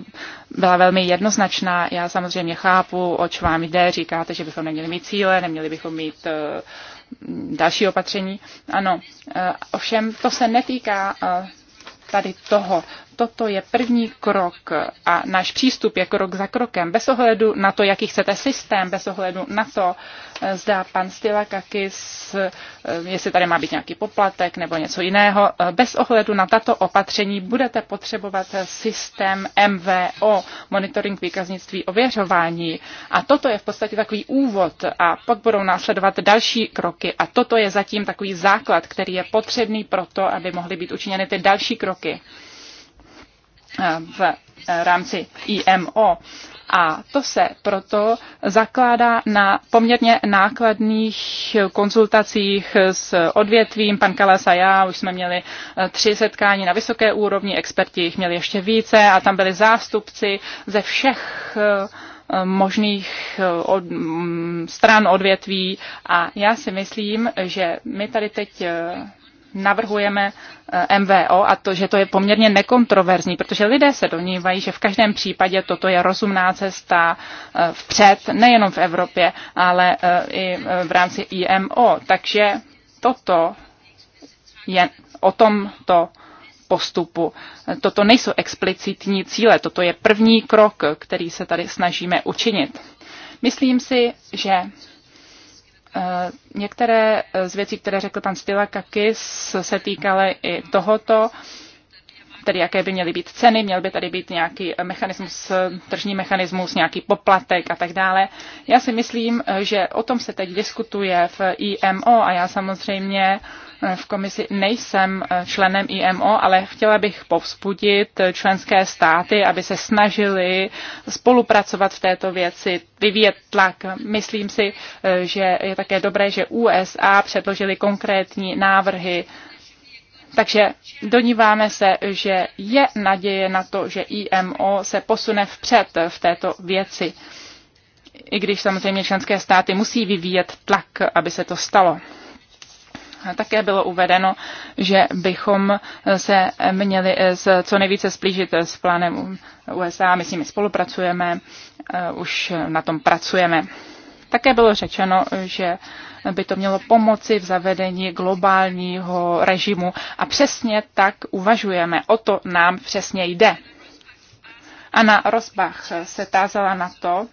S1: byla velmi jednoznačná, já samozřejmě chápu, oč vám jde, říkáte, že bychom neměli mít cíle, neměli bychom mít eh, další opatření. Ano, eh, ovšem to se netýká tady toho toto je první krok a náš přístup je krok za krokem, bez ohledu na to, jaký chcete systém, bez ohledu na to, zda pan Stilakakis, eh, jestli tady má být nějaký poplatek nebo něco jiného, eh, bez ohledu na tato opatření budete potřebovat systém MVO, monitoring výkaznictví ověřování. A toto je v podstatě takový úvod a pak budou následovat další kroky. A toto je zatím takový základ, který je potřebný pro to, aby mohly být učiněny ty další kroky v rámci IMO. A to se proto zakládá na poměrně nákladných konzultacích s odvětvím. Pan Kalas a já už jsme měli eh, tři setkání na vysoké úrovni, experti jich měli ještě více a tam byli zástupci ze všech eh, možných eh, od, mm, stran odvětví a já si myslím, že my tady teď navrhujeme eh, MVO a to, že to je poměrně nekontroverzní, protože lidé se donívají, že v každém případě toto je rozumná cesta eh, vpřed, nejenom v Evropě, ale eh, i v rámci IMO. Takže toto je o tomto postupu. Toto nejsou explicitní cíle, toto je první krok, který se tady snažíme učinit. Myslím si, že Eh, některé eh, z věcí, které řekl pan Stilakakis, se týkaly i tohoto, tedy jaké by měly být ceny, měl by tady být nějaký eh, mechanismus, tržní mechanismus, nějaký poplatek a tak dále. Já si myslím, že o tom se teď diskutuje v IMO a já samozřejmě uh, v komisi nejsem eh, členem IMO, ale chtěla bych povzbudit eh, členské státy, aby se snažili spolupracovat v této věci, vyvíjet tlak. Myslím si, eh, že je také dobré, že USA předložili konkrétní návrhy takže doníváme se, že je naděje na to, že IMO se posune vpřed v této věci, i když samozřejmě členské státy musí vyvíjet tlak, aby se to stalo také bylo uvedeno, že bychom se měli co nejvíce splížit s plánem USA. My s nimi spolupracujeme, eh, už na tom pracujeme. Také bylo řečeno, že by to mělo pomoci v zavedení globálního režimu a přesně tak uvažujeme. O to nám přesně jde. Anna Rozbach se tázala na to,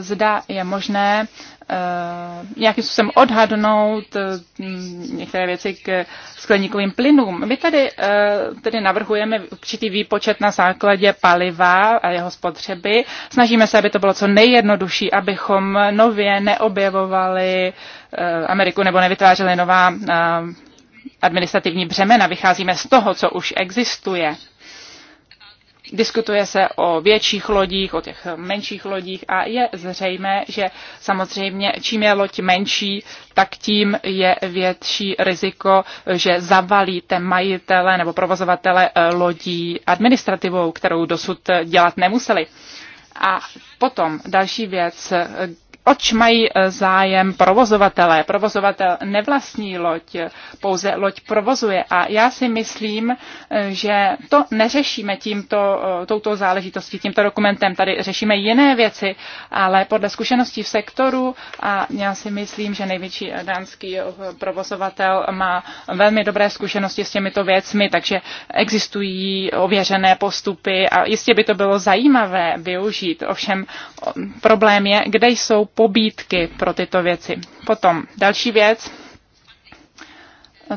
S1: zda je možné eh, nějakým způsobem odhadnout eh, některé věci k skleníkovým plynům. My tady, eh, tady navrhujeme určitý výpočet na základě paliva a jeho spotřeby. Snažíme se, aby to bylo co nejjednodušší, abychom nově neobjevovali Ameriku nebo nevytvářeli nová administrativní břemena. Vycházíme z toho, co už existuje. Diskutuje se o větších lodích, o těch menších lodích a je zřejmé, že samozřejmě čím je loď menší, tak tím je větší riziko, že zavalíte majitele nebo provozovatele eh, lodí administrativou, kterou dosud dělat nemuseli. A potom další věc, oč mají eh, zájem provozovatelé. Provozovatel nevlastní loď, pouze loď provozuje. A já si myslím, eh, že to neřešíme tímto, eh, touto záležitostí, tímto dokumentem. Tady řešíme jiné věci, ale podle zkušeností v sektoru a já si myslím, že největší dánský provozovatel má velmi dobré zkušenosti s těmito věcmi, takže existují ověřené postupy a jistě by to bylo zajímavé využít. Ovšem problém je, kde jsou pobídky pro tyto věci. Potom další věc.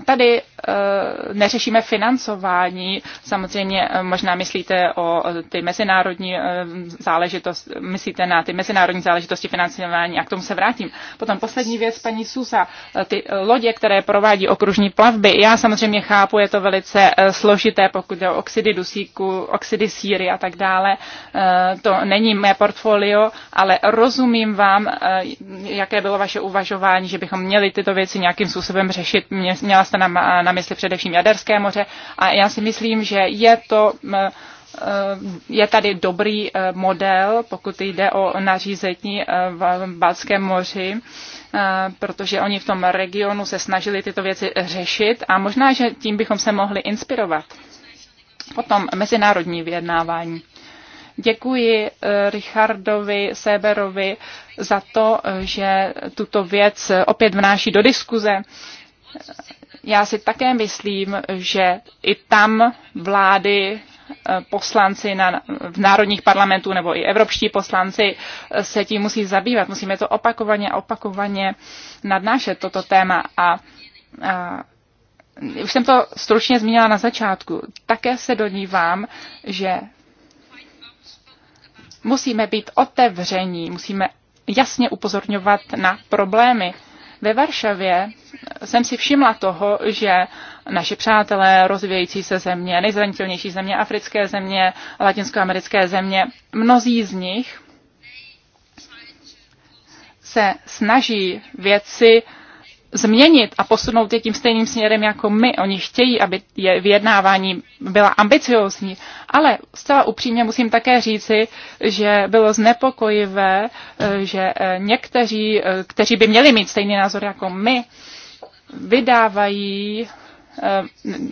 S1: Tady Eh, neřešíme financování. Samozřejmě eh, možná myslíte o eh, ty mezinárodní záležitosti, myslíte na ty mezinárodní záležitosti financování a k tomu se vrátím. Potom poslední věc, paní Susa, ty lodě, které provádí okružní plavby, já samozřejmě chápu, je to velice složité, pokud jde o oxidy dusíku, oxidy síry a tak dále. To není mé portfolio, ale rozumím vám, jaké bylo vaše uvažování, že bychom měli tyto věci nějakým způsobem řešit. Měla jste nám na mysli především Jaderské moře. A já si myslím, že je to e, je tady dobrý e, model, pokud jde o nařízení e, v Balském moři, protože oni v tom regionu se snažili tyto věci řešit a možná, že tím bychom se mohli inspirovat. Potom mezinárodní vyjednávání. Děkuji Richardovi Seberovi za to, že tuto věc opět vnáší do diskuze já si také myslím, že i tam vlády eh, poslanci na, v národních parlamentů nebo i evropští poslanci eh, se tím musí zabývat. Musíme to opakovaně a opakovaně nadnášet, toto téma. A, a už jsem to stručně zmínila na začátku. Také se vám, že musíme být otevření, musíme jasně upozorňovat na problémy ve Varšavě jsem si všimla toho, že naše přátelé, rozvíjející se země, nejzranitelnější země, africké země, latinskoamerické země, mnozí z nich se snaží věci změnit a posunout je tím stejným směrem, jako my. Oni chtějí, aby je vyjednávání byla ambiciozní. Ale zcela upřímně musím také říci, že bylo znepokojivé, eh, že eh, někteří, eh, kteří by měli mít stejný názor jako my, vydávají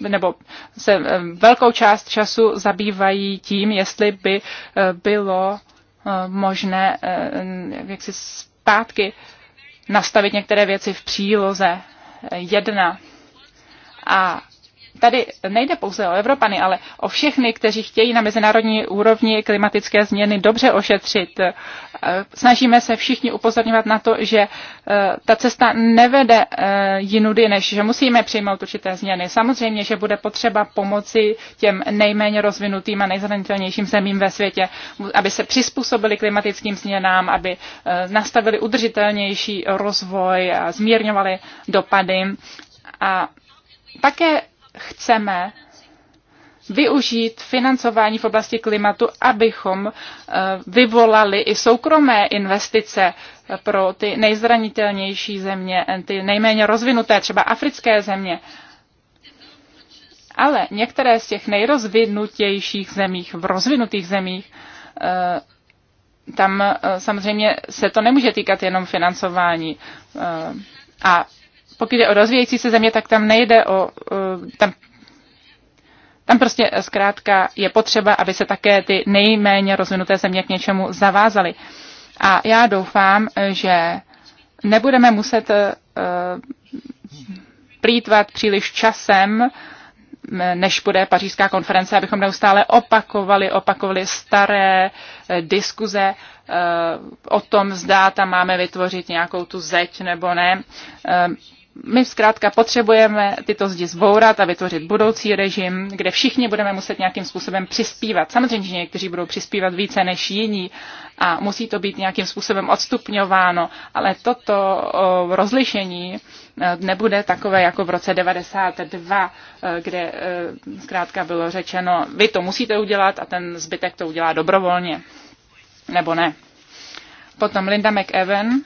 S1: nebo se velkou část času zabývají tím, jestli by bylo možné jak zpátky nastavit některé věci v příloze jedna A tady nejde pouze o Evropany, ale o všechny, kteří chtějí na mezinárodní úrovni klimatické změny dobře ošetřit. Eh, snažíme se všichni upozorňovat na to, že eh, ta cesta nevede eh, jinudy, než že musíme přijmout určité změny. Samozřejmě, že bude potřeba pomoci těm nejméně rozvinutým a nejzranitelnějším zemím ve světě, aby se přizpůsobili klimatickým změnám, aby nastavili udržitelnější rozvoj a zmírňovali dopady. A také chceme využít financování v oblasti klimatu, abychom eh, vyvolali i soukromé investice pro ty nejzranitelnější země, eh, ty nejméně rozvinuté, třeba africké země. Ale některé z těch nejrozvinutějších zemích, v rozvinutých zemích, eh, tam samozřejmě se to nemůže týkat jenom financování. A pokud jde o rozvíjející se země, tak tam nejde o, eh, tam, tam prostě zkrátka je potřeba, aby se také ty nejméně rozvinuté země k něčemu zavázaly. A já doufám, že nebudeme muset eh, plítvat příliš časem, než bude pařížská konference, abychom neustále opakovali, opakovali staré eh, diskuze o tom, zda tam máme vytvořit nějakou tu zeď nebo ne. My zkrátka potřebujeme tyto zdi zbourat a vytvořit budoucí režim, kde všichni budeme muset nějakým způsobem přispívat. Samozřejmě, že někteří budou přispívat více než jiní a musí to být nějakým způsobem odstupňováno, ale toto rozlišení e, nebude takové jako v roce 92, e, kde e, zkrátka bylo řečeno, vy to musíte udělat a ten zbytek to udělá dobrovolně. Nebo ne. Potom Linda McEwen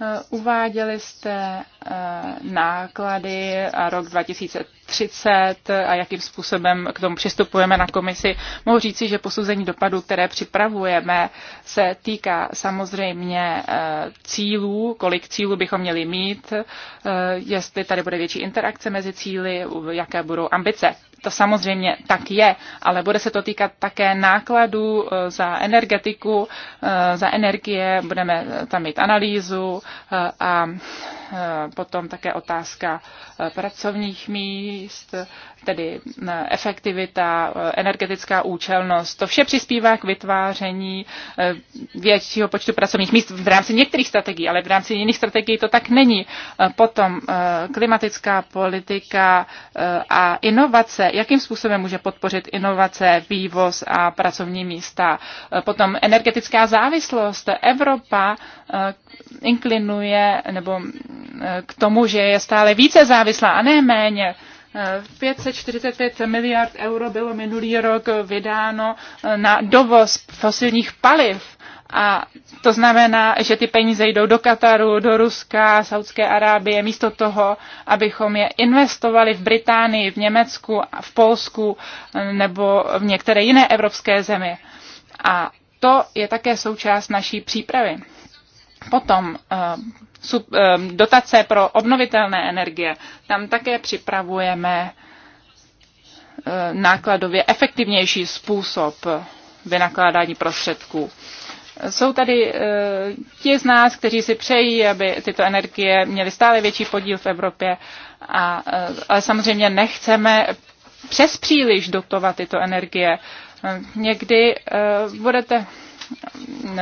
S1: Eh, uváděli jste eh, náklady a rok 2000 30 a jakým způsobem k tomu přistupujeme na komisi. Mohu říci, že posouzení dopadů, které připravujeme, se týká samozřejmě eh, cílů, kolik cílů bychom měli mít, eh, jestli tady bude větší interakce mezi cíly, jaké budou ambice. To samozřejmě tak je, ale bude se to týkat také nákladů eh, za energetiku, za energie, budeme tam mít analýzu a potom také otázka pracovních míst, číst tedy eh, efektivita, eh, energetická účelnost. To vše přispívá k vytváření eh, většího počtu pracovních míst v rámci některých strategií, ale v rámci jiných strategií to tak není. Potom klimatická politika a inovace. Jakým způsobem může podpořit inovace, vývoz a pracovní místa? Potom energetická závislost. Evropa inklinuje nebo k tomu, že je stále více závislá a ne méně. 500 245 miliard euro bylo minulý rok vydáno eh, na dovoz fosilních paliv. A to znamená, že ty peníze jdou do Kataru, do Ruska, Saudské Arábie, místo toho, abychom je investovali v Británii, v Německu, v Polsku eh, nebo v některé jiné evropské zemi. A to je také součást naší přípravy. Potom eh, dotace pro obnovitelné energie. Tam také připravujeme Eh, nákladově efektivnější způsob vynakládání prostředků. Jsou tady eh, ti z nás, kteří si přejí, aby tyto energie měly stále větší podíl v Evropě, a, eh, ale samozřejmě nechceme přes příliš dotovat tyto energie. někdy budete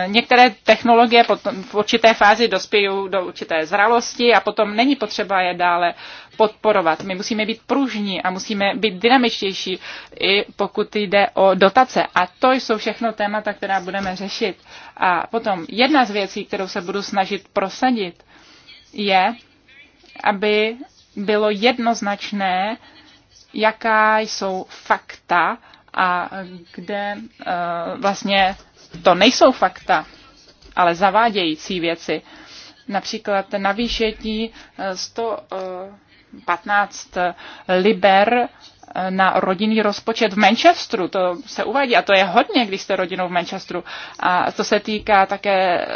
S1: některé technologie potom v určité fázi dospějí do určité zralosti a potom není potřeba je dále podporovat. My musíme být pružní a musíme být dynamičtější, i pokud jde o dotace. A to jsou všechno témata, která budeme řešit. A potom jedna z věcí, kterou se budu snažit prosadit, je, aby bylo jednoznačné, jaká jsou fakta a kde eh, vlastně to nejsou fakta, ale zavádějící věci. Například navýšení 115 eh, eh, eh, liber na rodinný rozpočet v Manchesteru. To se uvádí a to je hodně, když jste rodinou v Manchesteru. A to se týká také,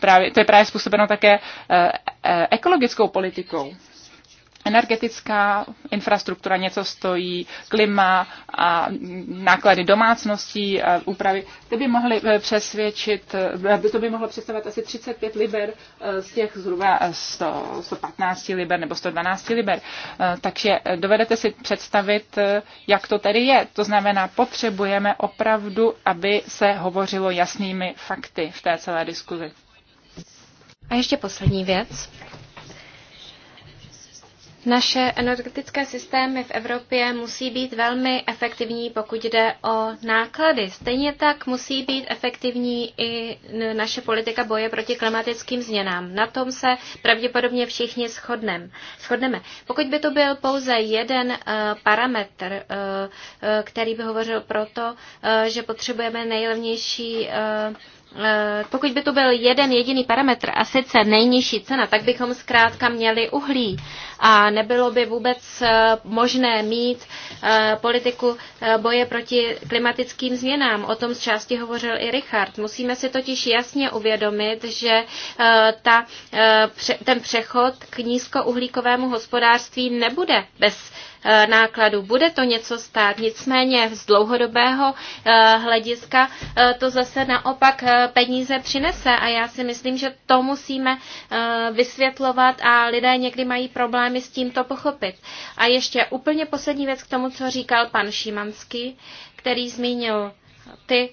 S1: právě, to je právě způsobeno také ekologickou politikou energetická infrastruktura něco stojí, klima a náklady domácností, a úpravy, ty by mohly eh, přesvědčit, eh, to by mohlo představovat asi 35 liber eh, z těch zhruba 100, 115 liber nebo 112 liber. Takže dovedete si představit, jak to tedy je. To znamená, potřebujeme opravdu, aby se hovořilo jasnými fakty v té celé diskuzi. A ještě
S2: poslední věc. Naše energetické systémy v Evropě musí být velmi efektivní, pokud jde o náklady. Stejně tak musí být efektivní i naše politika boje proti klimatickým změnám. Na tom se pravděpodobně všichni shodneme. Pokud by to byl pouze jeden eh, parametr, eh, eh, který by hovořil proto, že potřebujeme nejlevnější Eh, pokud by to byl jeden jediný parametr, a sice nejnižší cena, tak bychom zkrátka měli uhlí a nebylo by vůbec eh, možné mít eh, politiku boje proti klimatickým změnám. O tom z části hovořil i Richard. Musíme si totiž jasně uvědomit, že ta, ten přechod k nízkouhlíkovému hospodářství nebude bez nákladů. Bude to něco stát, nicméně z dlouhodobého hlediska to zase naopak peníze přinese. A já si myslím, že to musíme eh, vysvětlovat a lidé někdy mají problémy s tím to pochopit. A ještě úplně poslední věc k tomu, co říkal pan Šimanský, který zmínil ty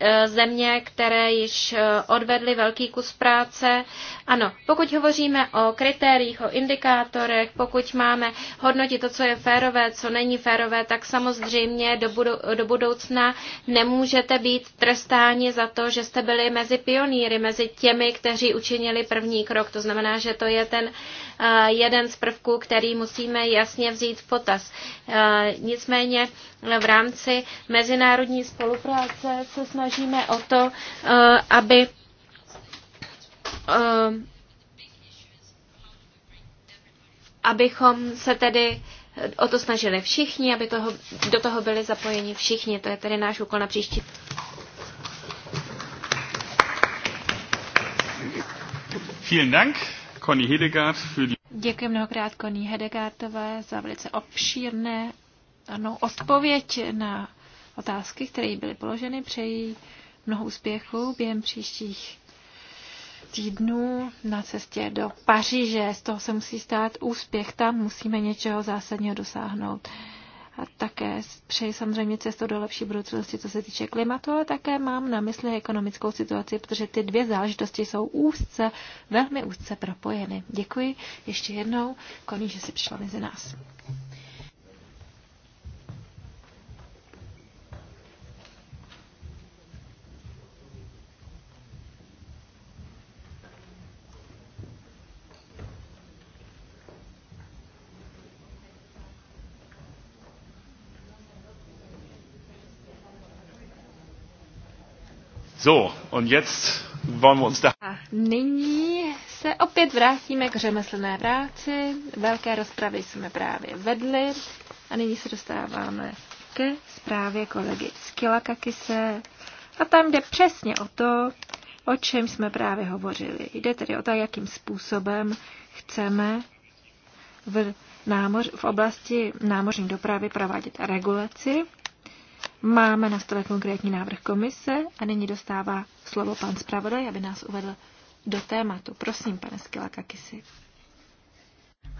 S2: eh, země, které již eh, odvedly velký kus práce. Ano, pokud hovoříme o kritériích, o indikátorech, pokud máme hodnotit to, co je férové, co není férové, tak samozřejmě do, budu- do budoucna nemůžete být trestáni za to, že jste byli mezi pionýry, mezi těmi, kteří učinili první krok. To znamená, že to je ten jeden z prvků, který musíme jasně vzít v potaz. Nicméně v rámci mezinárodní spolupráce se snažíme o to, aby abychom se tedy o to snažili všichni, aby toho, do toho byli zapojeni všichni. To je tedy náš úkol na příští.
S3: Vielen Dank. Conny Hedegaard für die... Děkuji mnohokrát koní Hedegardové za velice obšírné ano, odpověď na otázky, které byly položeny. Přeji mnoho úspěchů během příštích týdnů na cestě do Paříže. Z toho se musí stát úspěch, tam musíme něčeho zásadního dosáhnout a také přeji samozřejmě cestu do lepší budoucnosti, co se týče klimatu, ale také mám na mysli ekonomickou situaci, protože ty dvě záležitosti jsou úzce, velmi úzce propojeny. Děkuji ještě jednou, koní, že jsi přišla mezi nás.
S2: So, und jetzt wollen wir uns da...
S3: A nyní se opět vrátíme k řemeslné práci. Velké rozpravy jsme právě vedli a nyní se dostáváme ke zprávě kolegy Skilakakise. A tam jde přesně o to, o čem jsme právě hovořili. Jde tedy o to, jakým způsobem chceme v, námoř, v oblasti námořní dopravy provádět regulaci Máme na stole konkrétní návrh komise a nyní dostává slovo pan zpravodaj, aby nás uvedl do tématu. Prosím, pane Skilakakisi.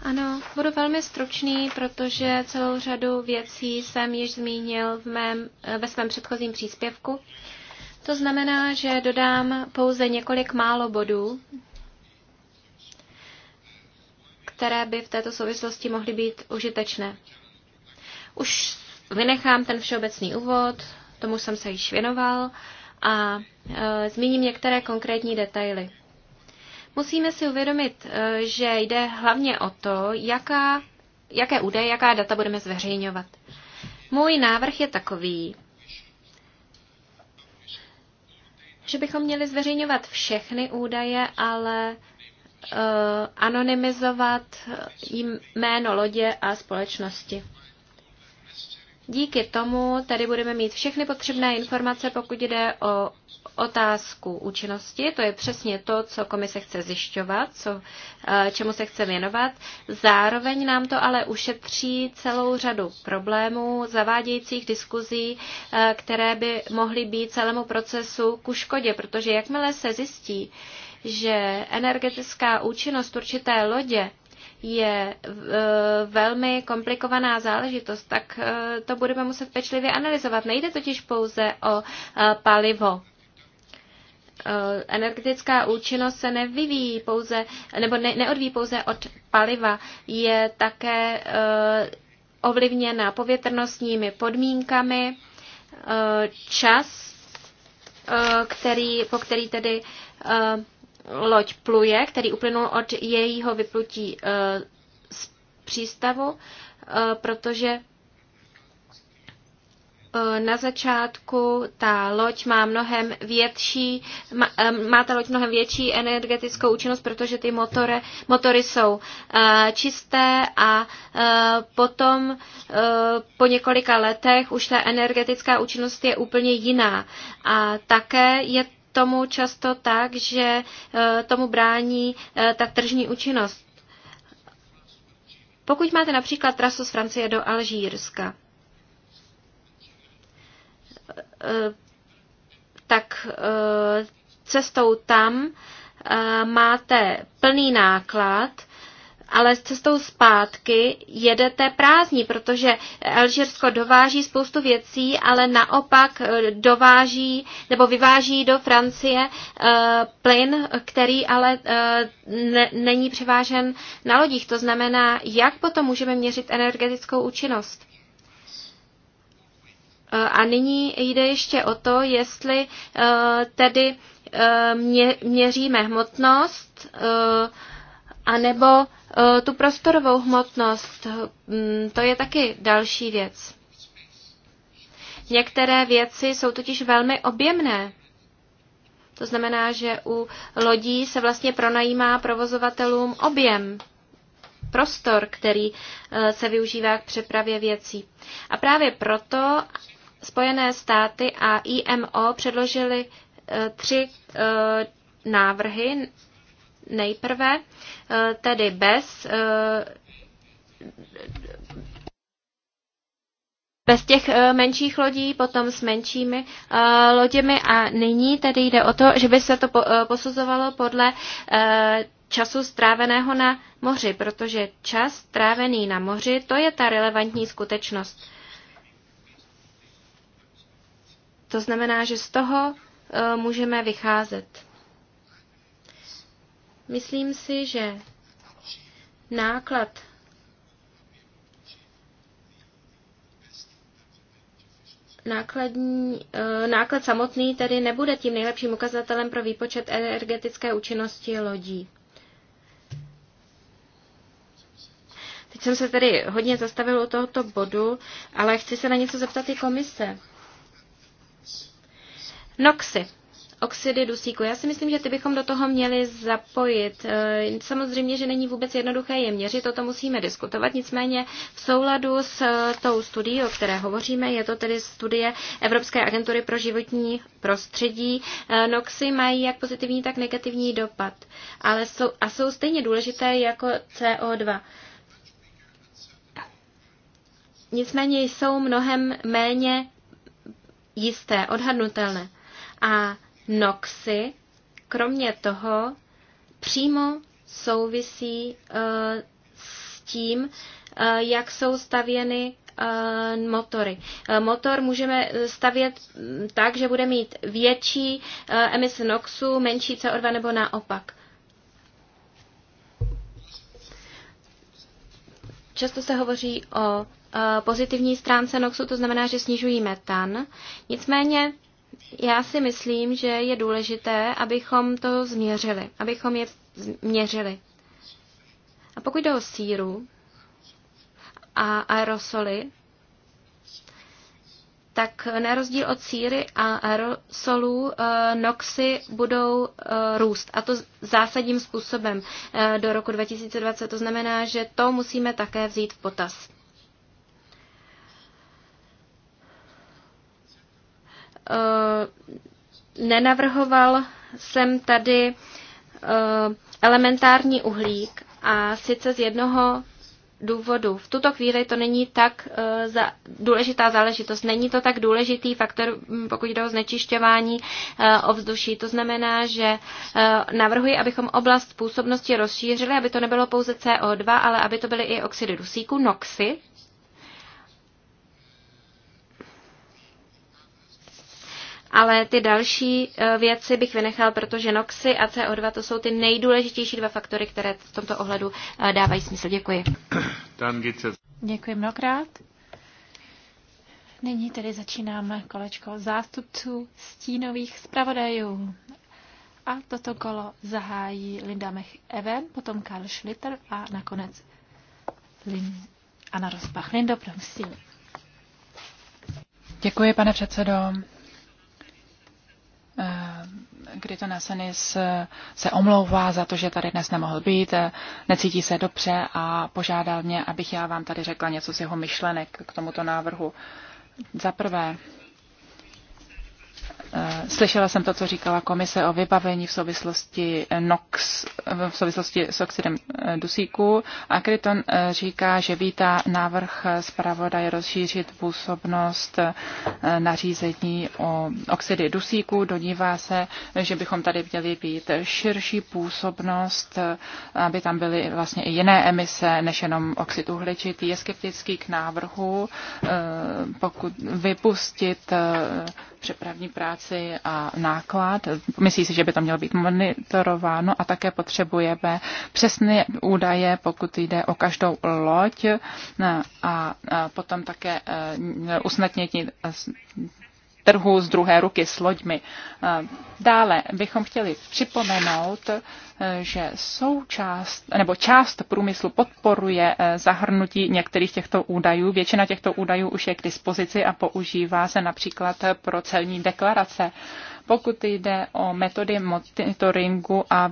S2: Ano, budu velmi stručný, protože celou řadu věcí jsem již zmínil v mém, ve svém předchozím příspěvku. To znamená, že dodám pouze několik málo bodů, které by v této souvislosti mohly být užitečné. Už vynechám ten všeobecný úvod, tomu jsem se již věnoval a e, zmíním některé konkrétní detaily. Musíme si uvědomit, e, že jde hlavně o to, jaká, jaké údaje, jaká data budeme zveřejňovat. Můj návrh je takový, že bychom měli zveřejňovat všechny údaje, ale uh, anonymizovat jméno lodě a společnosti. Díky tomu tady budeme mít všechny potřebné informace, pokud jde o otázku účinnosti. To je přesně to, co komise chce zjišťovat, co, eh, čemu se chce věnovat. Zároveň nám to ale ušetří celou řadu problémů, zavádějících diskuzí, eh, které by mohly být celému procesu ku škodě, protože jakmile se zjistí, že energetická účinnost určité lodě je eh, velmi komplikovaná záležitost, tak eh, to budeme muset pečlivě analyzovat. Nejde totiž pouze o eh, palivo energetická účinnost se nevyvíjí pouze, nebo ne, neodvíjí pouze od paliva, je také uh, ovlivněna povětrnostními podmínkami, uh, čas, uh, který, po který tedy uh, loď Pluje, který uplynul od jejího vyplutí eh, z přístavu, eh, protože eh, na začátku ta loď má mnohem větší, má, má ta loď mnohem větší energetickou účinnost, protože ty motory, motory jsou čisté a potom po několika letech už ta energetická účinnost je úplně jiná. A také je tomu často tak, že eh, tomu brání eh, ta tržní účinnost. Pokud máte například trasu z Francie do Alžírska, eh, tak cestou tam máte plný náklad, ale s cestou zpátky jedete prázdní, protože Alžírsko dováží spoustu věcí, ale naopak eh, dováží nebo vyváží do Francie eh, plyn, který ale eh, ne, není převážen na lodích. To znamená, jak potom můžeme měřit energetickou účinnost? A nyní jde ještě o to, jestli tedy mě, měříme hmotnost, anebo Eh, tu prostorovou hmotnost, hm, to je taky další věc. Některé věci jsou totiž velmi objemné. To znamená, že u lodí se vlastně pronajímá provozovatelům objem, prostor, který eh, se využívá k přepravě věcí. A právě proto Spojené státy a IMO předložili eh, tři návrhy Nejprve eh, tedy bez eh, bez těch eh, menších lodí, potom s menšími loděmi a nyní tedy jde o to, že by se to posuzovalo podle času stráveného na moři, protože čas strávený na moři, to je ta relevantní skutečnost. To znamená, že z toho můžeme vycházet. Myslím si, že náklad nákladní, eh, náklad samotný tedy nebude tím nejlepším ukazatelem pro výpočet energetické účinnosti lodí. Teď jsem se tedy hodně zastavil u tohoto bodu, ale chci se na něco zeptat i komise. Noxy oxidy dusíku. Já si myslím, že ty bychom do toho měli zapojit. E, samozřejmě, že není vůbec jednoduché je měřit, o to musíme diskutovat, nicméně v souladu s e, tou studií, o které hovoříme, je to tedy studie Evropské agentury pro životní prostředí. E, Noxy mají jak pozitivní, tak negativní dopad ale jsou, a jsou stejně důležité jako CO2. Nicméně jsou mnohem méně jisté, odhadnutelné. A NOXy, kromě toho přímo souvisí eh, s tím, eh, jak jsou stavěny eh, motory. Motor můžeme stavět mm, tak, že bude mít větší emise NOXu, menší CO2 nebo naopak. Často se hovoří o pozitivní stránce NOXu, to znamená, že snižují metan. Nicméně já si myslím, že je důležité, abychom to změřili, abychom je změřili. A pokud jde o síru a aerosoly, tak na rozdíl od síry a aerosolů eh, noxy budou eh, růst. A to zásadním způsobem eh, do roku 2020. To znamená, že to musíme také vzít v potaz. Eh, nenavrhoval jsem tady eh, elementární uhlík a sice z jednoho důvodu. V tuto chvíli to není tak eh, za, důležitá záležitost, není to tak důležitý faktor, hm, pokud jde o znečišťování uh, ovzduší. To znamená, že uh, navrhuji, abychom oblast působnosti rozšířili, aby to nebylo pouze CO2, ale aby to byly i oxidy dusíku, NOXy, ale ty další e, věci bych vynechal, protože NOXy a CO2 to jsou ty nejdůležitější dva faktory,
S3: které v tomto ohledu e, dávají smysl. Děkuji. Děkuji mnohokrát. Nyní tedy začínáme kolečko zástupců stínových zpravodajů. A toto kolo zahájí Linda Mech Even, potom Karl Schlitter a nakonec Lin Anna Rozbach. Lindo, prosím. Děkuji, pane předsedo
S1: kdy to Nasenis eh, se omlouvá za to, že tady dnes nemohl být, eh, necítí se dobře a požádal mě, abych já vám tady řekla něco z jeho myšlenek k tomuto návrhu. Za prvé, Eh, slyšela jsem to, co říkala komise o vybavení v souvislosti, NOx, v souvislosti s oxidem eh, dusíku a Kryton eh, říká, že vítá návrh zpravodaje rozšířit působnost nařízení o oxidy dusíku. Donívá se, že bychom tady měli být širší působnost, aby tam byly vlastně i jiné emise, než jenom oxid uhličitý. Je skeptický k návrhu, pokud vypustit přepravní práci práci a náklad. Myslí si, že by to mělo být monitorováno a také potřebujeme přesné údaje, pokud jde o každou loď a potom také eh, usnadnění trhu z druhé ruky s loďmi. Eh, dále bychom chtěli připomenout, eh, že součást nebo část průmyslu podporuje eh, zahrnutí některých těchto údajů. Většina těchto údajů už je k dispozici a používá se například pro celní deklarace. Pokud jde o metody monitoringu a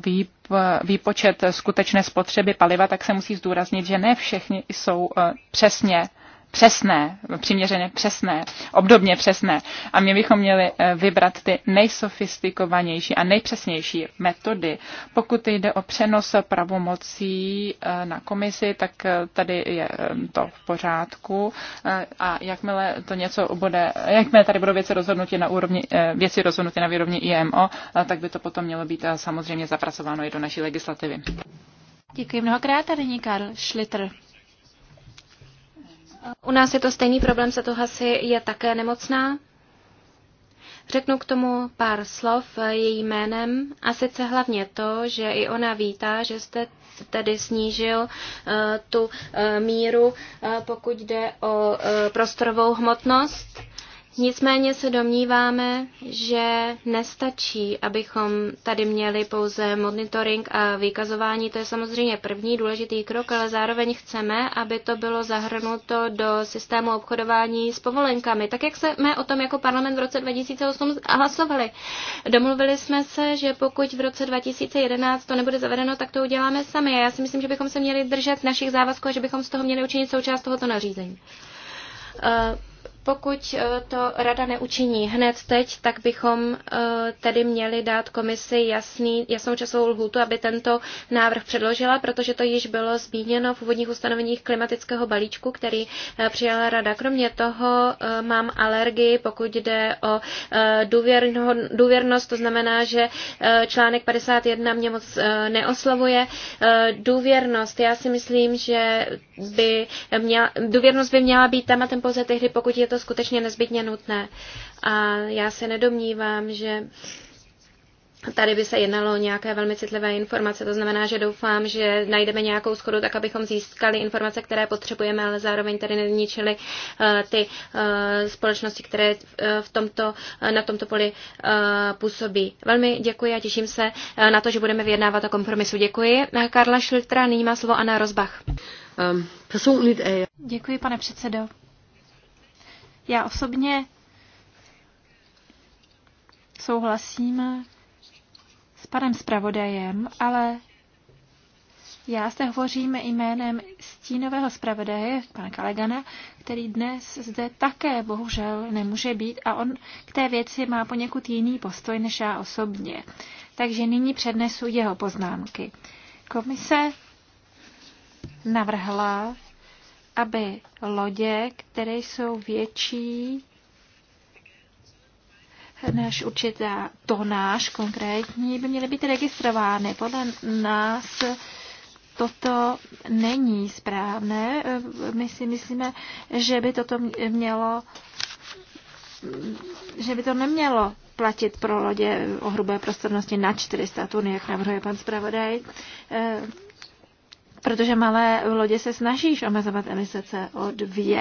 S1: výpočet skutečné spotřeby paliva, tak se musí zdůraznit, že ne všechny jsou přesně přesné, přiměřeně přesné, obdobně přesné. A my bychom měli eh, vybrat ty nejsofistikovanější a nejpřesnější metody. Pokud jde o přenos pravomocí eh, na komisi, tak eh, tady je to v pořádku. A jakmile to něco bude, jakmile tady budou věci rozhodnuty na úrovni, věci rozhodnuty na úrovni IMO, tak by to potom mělo být samozřejmě zapracováno i do naší legislativy.
S3: Děkuji mnohokrát a nyní Karl Schlitter. U nás
S2: je to stejný problém, Satohasi je také nemocná. Řeknu k tomu pár slov její jménem a sice hlavně to, že i ona vítá, že jste tedy snížil eh, tu eh, míru, eh, pokud jde o prostorovou hmotnost. Nicméně se domníváme, že nestačí, abychom tady měli pouze monitoring a vykazování. To je samozřejmě první důležitý krok, ale zároveň chceme, aby to bylo zahrnuto do systému obchodování s povolenkami. Tak jak jsme o tom jako parlament v roce 2008 hlasovali. Domluvili jsme se, že pokud v roce 2011 to nebude zavedeno, tak to uděláme sami. A já si myslím, že bychom se měli držet našich závazků a že bychom z toho měli učinit součást tohoto nařízení. Uh, pokud eh, to rada neučiní hned teď, tak bychom eh, tedy měli dát komisi jasný, jasnou časovou lhůtu, aby tento návrh předložila, protože to již bylo zmíněno v úvodních ustanoveních klimatického balíčku, který eh, přijala rada. Kromě toho mám alergii, pokud jde o důvěrnost, to znamená, že článek 51 mě moc neoslovuje. Důvěrnost, já si myslím, že by měla, důvěrnost by měla být tématem pouze tehdy, pokud je to to skutečně nezbytně nutné. A já se nedomnívám, že Tady by se jednalo o nějaké velmi citlivé informace, to znamená, že doufám, že najdeme nějakou schodu tak, abychom získali informace, které potřebujeme, ale zároveň tady nezničili eh, ty eh, společnosti, které eh, v tomto, na tomto poli působí. Velmi děkuji a těším se na to, že budeme vyjednávat o kompromisu. Děkuji. Karla Šiltra, nyní má slovo Anna Rozbach.
S3: Ehm, děkuji, pane předsedo. Já osobně souhlasím s panem zpravodajem, ale já zde hovořím jménem stínového zpravodaje, pana Kalegana, který dnes zde také bohužel nemůže být a on k té věci má poněkud jiný postoj než já osobně. Takže nyní přednesu jeho poznámky. Komise navrhla aby lodě, které jsou větší než určitá tonáž konkrétní, by měly být registrovány. Podle nás toto není správné. My si myslíme, že by toto mělo že by to nemělo platit pro lodě o hrubé prostornosti na 400 tun, jak navrhuje pan zpravodaj protože malé lodě se snažíš omezovat emise CO2.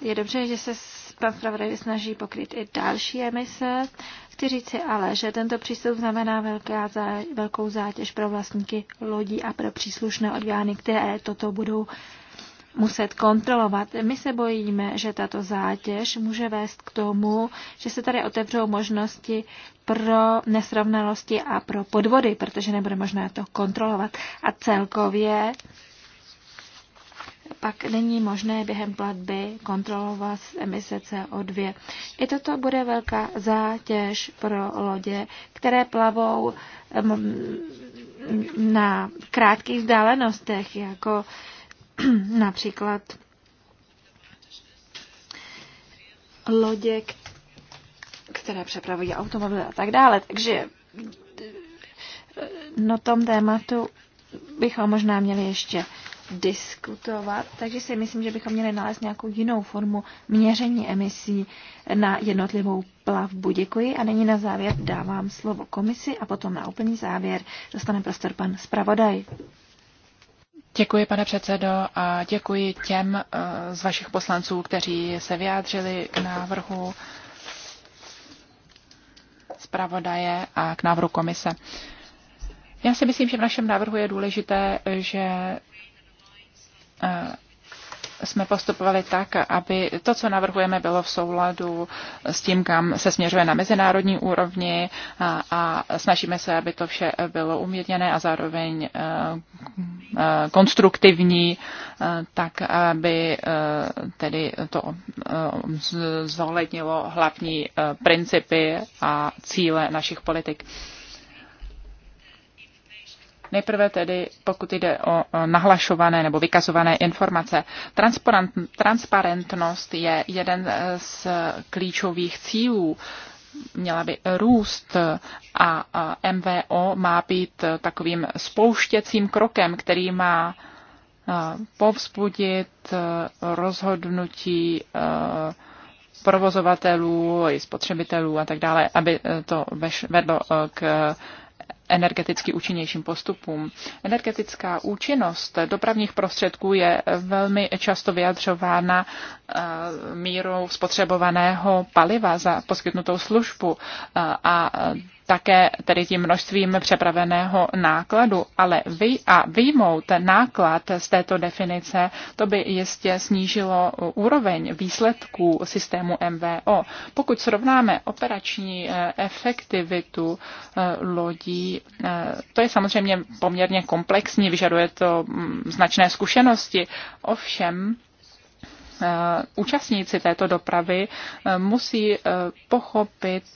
S3: Je dobře, že se pan zpravodaj snaží pokryt i další emise. Chci si ale, že tento přístup znamená velká, velkou zátěž pro vlastníky lodí a pro příslušné orgány, které toto budou muset kontrolovat. My se bojíme, že tato zátěž může vést k tomu, že se tady otevřou možnosti pro nesrovnalosti a pro podvody, protože nebude možné to kontrolovat. A celkově pak není možné během platby kontrolovat emise CO2. I toto bude velká zátěž pro lodě, které plavou mm, na krátkých vzdálenostech, jako například lodě, které přepravují automobily a tak dále. Takže na no, tom tématu bychom možná měli ještě diskutovat, takže si myslím, že bychom měli nalézt nějakou jinou formu měření emisí na jednotlivou plavbu. Děkuji a nyní na závěr dávám slovo komisi a potom na úplný závěr dostane prostor pan zpravodaj. Děkuji, pane předsedo, a děkuji těm eh, z vašich poslanců, kteří se vyjádřili
S1: k návrhu zpravodaje a k návrhu komise. Já si myslím, že v našem návrhu je důležité, že eh, jsme postupovali tak, aby to, co navrhujeme, bylo v souladu s tím, kam se směřuje na mezinárodní úrovni a, a snažíme se, aby to vše bylo uměrněné a zároveň eh, eh, konstruktivní, eh, tak aby tedy to zohlednilo hlavní principy a cíle našich politik. Nejprve tedy, pokud jde o nahlašované nebo vykazované informace. Transparentnost je jeden z klíčových cílů měla by růst a MVO má být takovým spouštěcím krokem, který má povzbudit rozhodnutí provozovatelů i spotřebitelů a tak dále, aby to vedlo k energeticky účinnějším postupům. Energetická účinnost dopravních prostředků je velmi často vyjadřována eh, mírou spotřebovaného paliva za poskytnutou službu eh, a také tedy tím množstvím přepraveného nákladu, ale vy a vyjmout náklad z této definice, to by jistě snížilo úroveň výsledků systému MVO. Pokud srovnáme operační eh, efektivitu eh, lodí, eh, to je samozřejmě poměrně komplexní, vyžaduje to mm, značné zkušenosti, ovšem Eh, účastníci této dopravy eh, musí eh, pochopit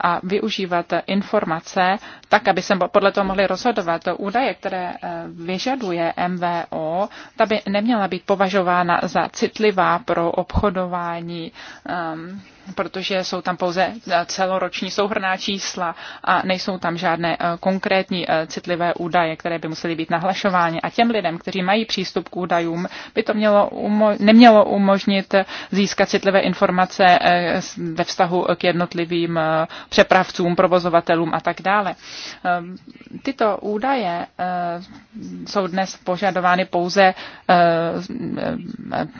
S1: a využívat informace tak, aby se podle toho mohli rozhodovat. Údaje, které vyžaduje MVO, ta by neměla být považována za citlivá pro obchodování ehm, protože jsou tam pouze eh, celoroční souhrná čísla a nejsou tam žádné eh, konkrétní eh, citlivé údaje, které by musely být nahlašovány. A těm lidem, kteří mají přístup k údajům, by to mělo umo- nemělo umožnit získat citlivé informace ve vztahu k jednotlivým přepravcům, provozovatelům a tak dále. Tyto údaje jsou dnes požadovány pouze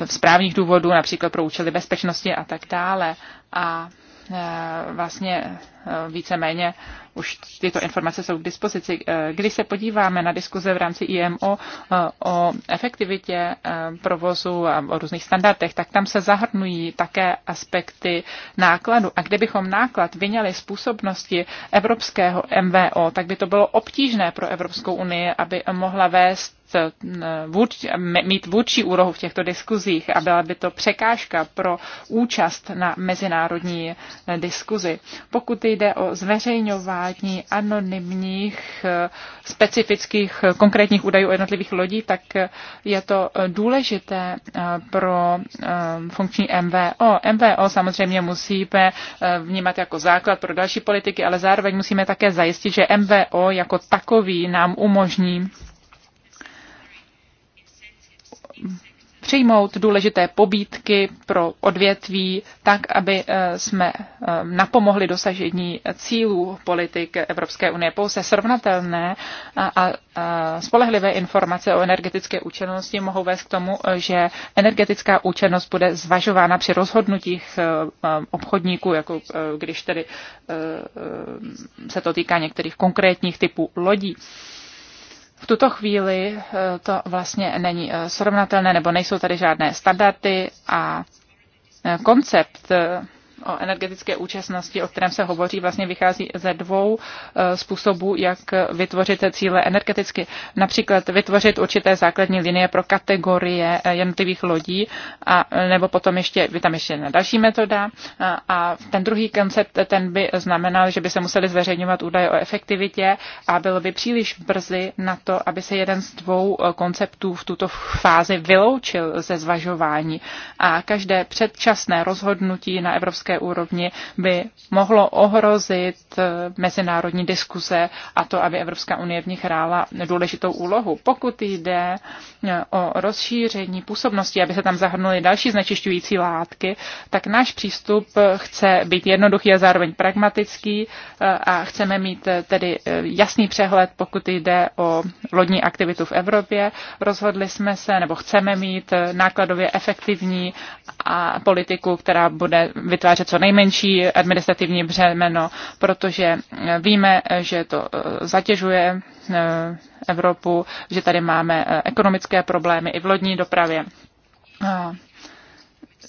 S1: z právních důvodů, například pro účely bezpečnosti a tak dále a e, vlastně víceméně už tyto informace jsou k dispozici. Když se podíváme na diskuze v rámci IMO eh, o efektivitě eh, provozu a o různých standardech, tak tam se zahrnují také aspekty nákladu. A kdybychom náklad vyňali způsobnosti evropského MVO, tak by to bylo obtížné pro Evropskou unii, aby mohla vést eh, mít vůdčí úrohu v těchto diskuzích a byla by to překážka pro účast na mezinárodní diskuzi. Pokud jde o zveřejňování anonymních eh, specifických eh, konkrétních údajů o jednotlivých lodí, tak eh, je to důležité pro funkční MVO. MVO samozřejmě musíme vnímat jako základ pro další politiky, ale zároveň musíme také zajistit, že MVO jako takový nám umožní přijmout důležité pobídky pro odvětví, tak, aby eh, jsme eh, napomohli dosažení cílů politik Evropské unie. Pouze srovnatelné a, a, spolehlivé informace o energetické účinnosti mohou vést k tomu, že energetická účinnost bude zvažována při rozhodnutích eh, obchodníků, jako když tedy se to týká některých konkrétních typů lodí. V tuto chvíli eh, to vlastně není eh, srovnatelné, nebo nejsou tady žádné standardy a eh, koncept o energetické účastnosti, o kterém se hovoří, vlastně vychází ze dvou eh, způsobů, jak vytvořit cíle energeticky. Například vytvořit určité základní linie pro kategorie eh, jednotlivých lodí, a, nebo potom ještě, je tam ještě na další metoda. A, eh, a ten druhý koncept, ten by znamenal, že by se museli zveřejňovat údaje o efektivitě a bylo by příliš brzy na to, aby se jeden z dvou konceptů v tuto fázi vyloučil ze zvažování. A každé předčasné rozhodnutí na evropské politické úrovni by mohlo ohrozit eh, mezinárodní diskuze a to, aby Evropská unie v nich hrála důležitou úlohu. Pokud jde eh, o rozšíření působnosti, aby se tam zahrnuly další znečišťující látky, tak náš přístup eh, chce být jednoduchý a zároveň pragmatický a chceme mít tedy jasný přehled, pokud jde o lodní aktivitu v Evropě. Rozhodli jsme se, nebo chceme mít nákladově efektivní a politiku, která bude vytvářet vytvářet co nejmenší administrativní břemeno, protože eh, víme, eh, že to eh, zatěžuje Evropu, že tady máme ekonomické problémy i v lodní dopravě.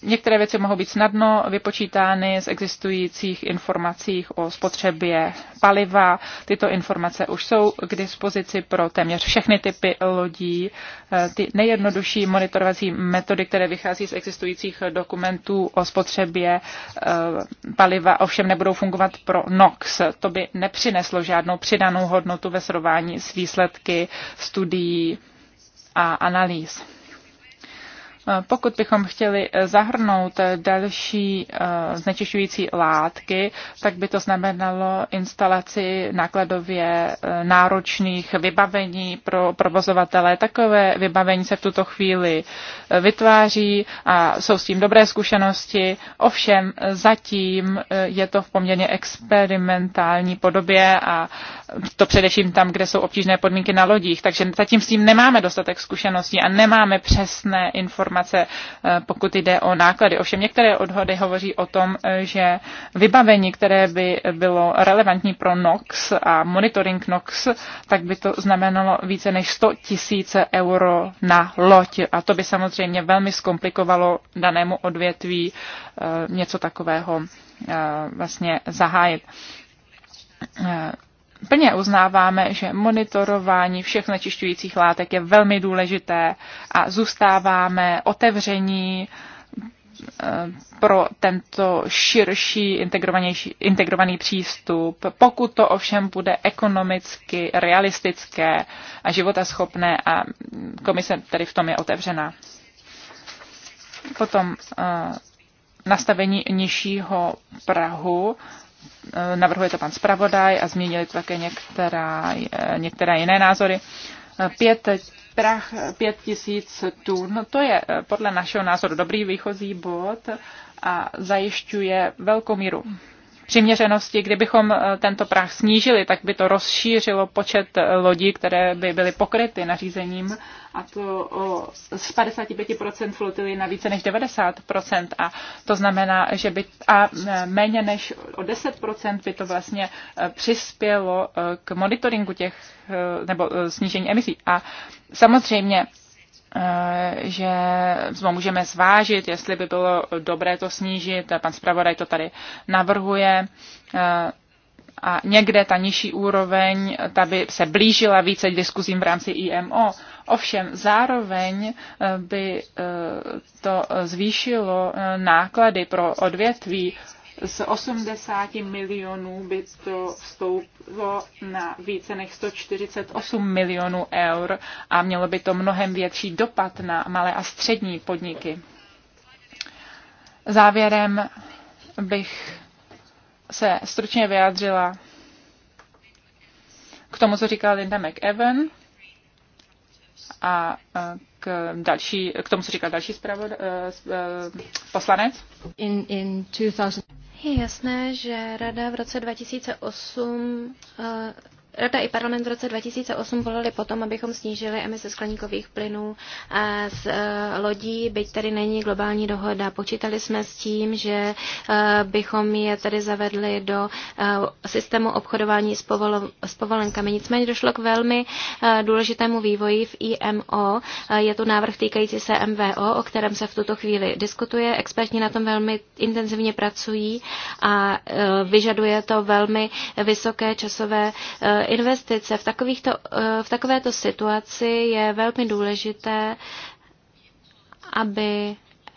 S1: Některé věci mohou být snadno vypočítány z existujících informací o spotřebě paliva. Tyto informace už jsou k dispozici pro téměř všechny typy lodí. E, ty nejjednodušší monitorovací metody, které vychází z existujících dokumentů o spotřebě e, paliva, ovšem nebudou fungovat pro NOx. To by nepřineslo žádnou přidanou hodnotu ve srovnání s výsledky studií a analýz. Pokud bychom chtěli eh, zahrnout eh, další eh, znečišťující látky, tak by to znamenalo instalaci nákladově náročných vybavení pro provozovatele. Takové vybavení se v tuto chvíli vytváří a jsou s tím dobré zkušenosti. Ovšem zatím je to v poměrně experimentální podobě a to především tam, kde jsou obtížné podmínky na lodích. Takže zatím s tím nemáme dostatek zkušeností a nemáme přesné informace informace, eh, pokud jde o náklady. Ovšem některé odhody hovoří o tom, eh, že vybavení, které by bylo relevantní pro NOx a monitoring NOx, tak by to znamenalo více než 100 tisíce euro na loď. A to by samozřejmě velmi zkomplikovalo danému odvětví eh, něco takového vlastně zahájit plně uznáváme, že monitorování všech nečišťujících látek je velmi důležité a zůstáváme otevření eh, pro tento širší integrovanější, integrovaný přístup, pokud to ovšem bude ekonomicky realistické a životaschopné a komise tady v tom je otevřená. Potom eh, nastavení nižšího Prahu Eh, navrhuje to pan zpravodaj a změnili to také některá, eh, některé jiné názory. Eh, pět, prach, pět tisíc tun, to je podle našeho názoru dobrý výchozí bod a zajišťuje velkou míru přiměřenosti. Kdybychom eh, tento práh snížili, tak by to rozšířilo počet eh, lodí, které by byly pokryty nařízením a to o, z 55% flotily na více než 90%. A to znamená, že by a eh, méně než o 10% by to vlastně přispělo k monitoringu těch nebo snížení emisí. A samozřejmě Eh, že můžeme zvážit, jestli by bylo dobré to snížit. Pan zpravodaj to tady navrhuje. Eh, a někde ta nižší úroveň, ta by se blížila více k diskuzím v rámci IMO. Ovšem zároveň eh, by to zvýšilo náklady pro odvětví z 80 milionů by to stouplo na více než 148 milionů eur a mělo by to mnohem větší dopad na malé a střední podniky. Závěrem bych se stručně vyjádřila k tomu, co říkala Linda McEwen a e, k, další, k tomu, co říkal další uh, poslanec.
S3: In, in 2000...
S2: Je jasné, že Rada v roce 2008 Rada i parlament v roce 2008 volali potom, abychom snížili emise skleníkových plynů eh, z eh, lodí, byť tady není globální dohoda. Počítali jsme s tím, že eh, bychom je tady zavedli do systému obchodování s povolenkami. Nicméně došlo k velmi důležitému vývoji v IMO. Je tu návrh týkající se MVO, o kterém se v tuto chvíli diskutuje. Experti na tom velmi intenzivně pracují a vyžaduje to velmi vysoké časové investice v, takovýchto, eh, v takovéto situaci je velmi důležité, aby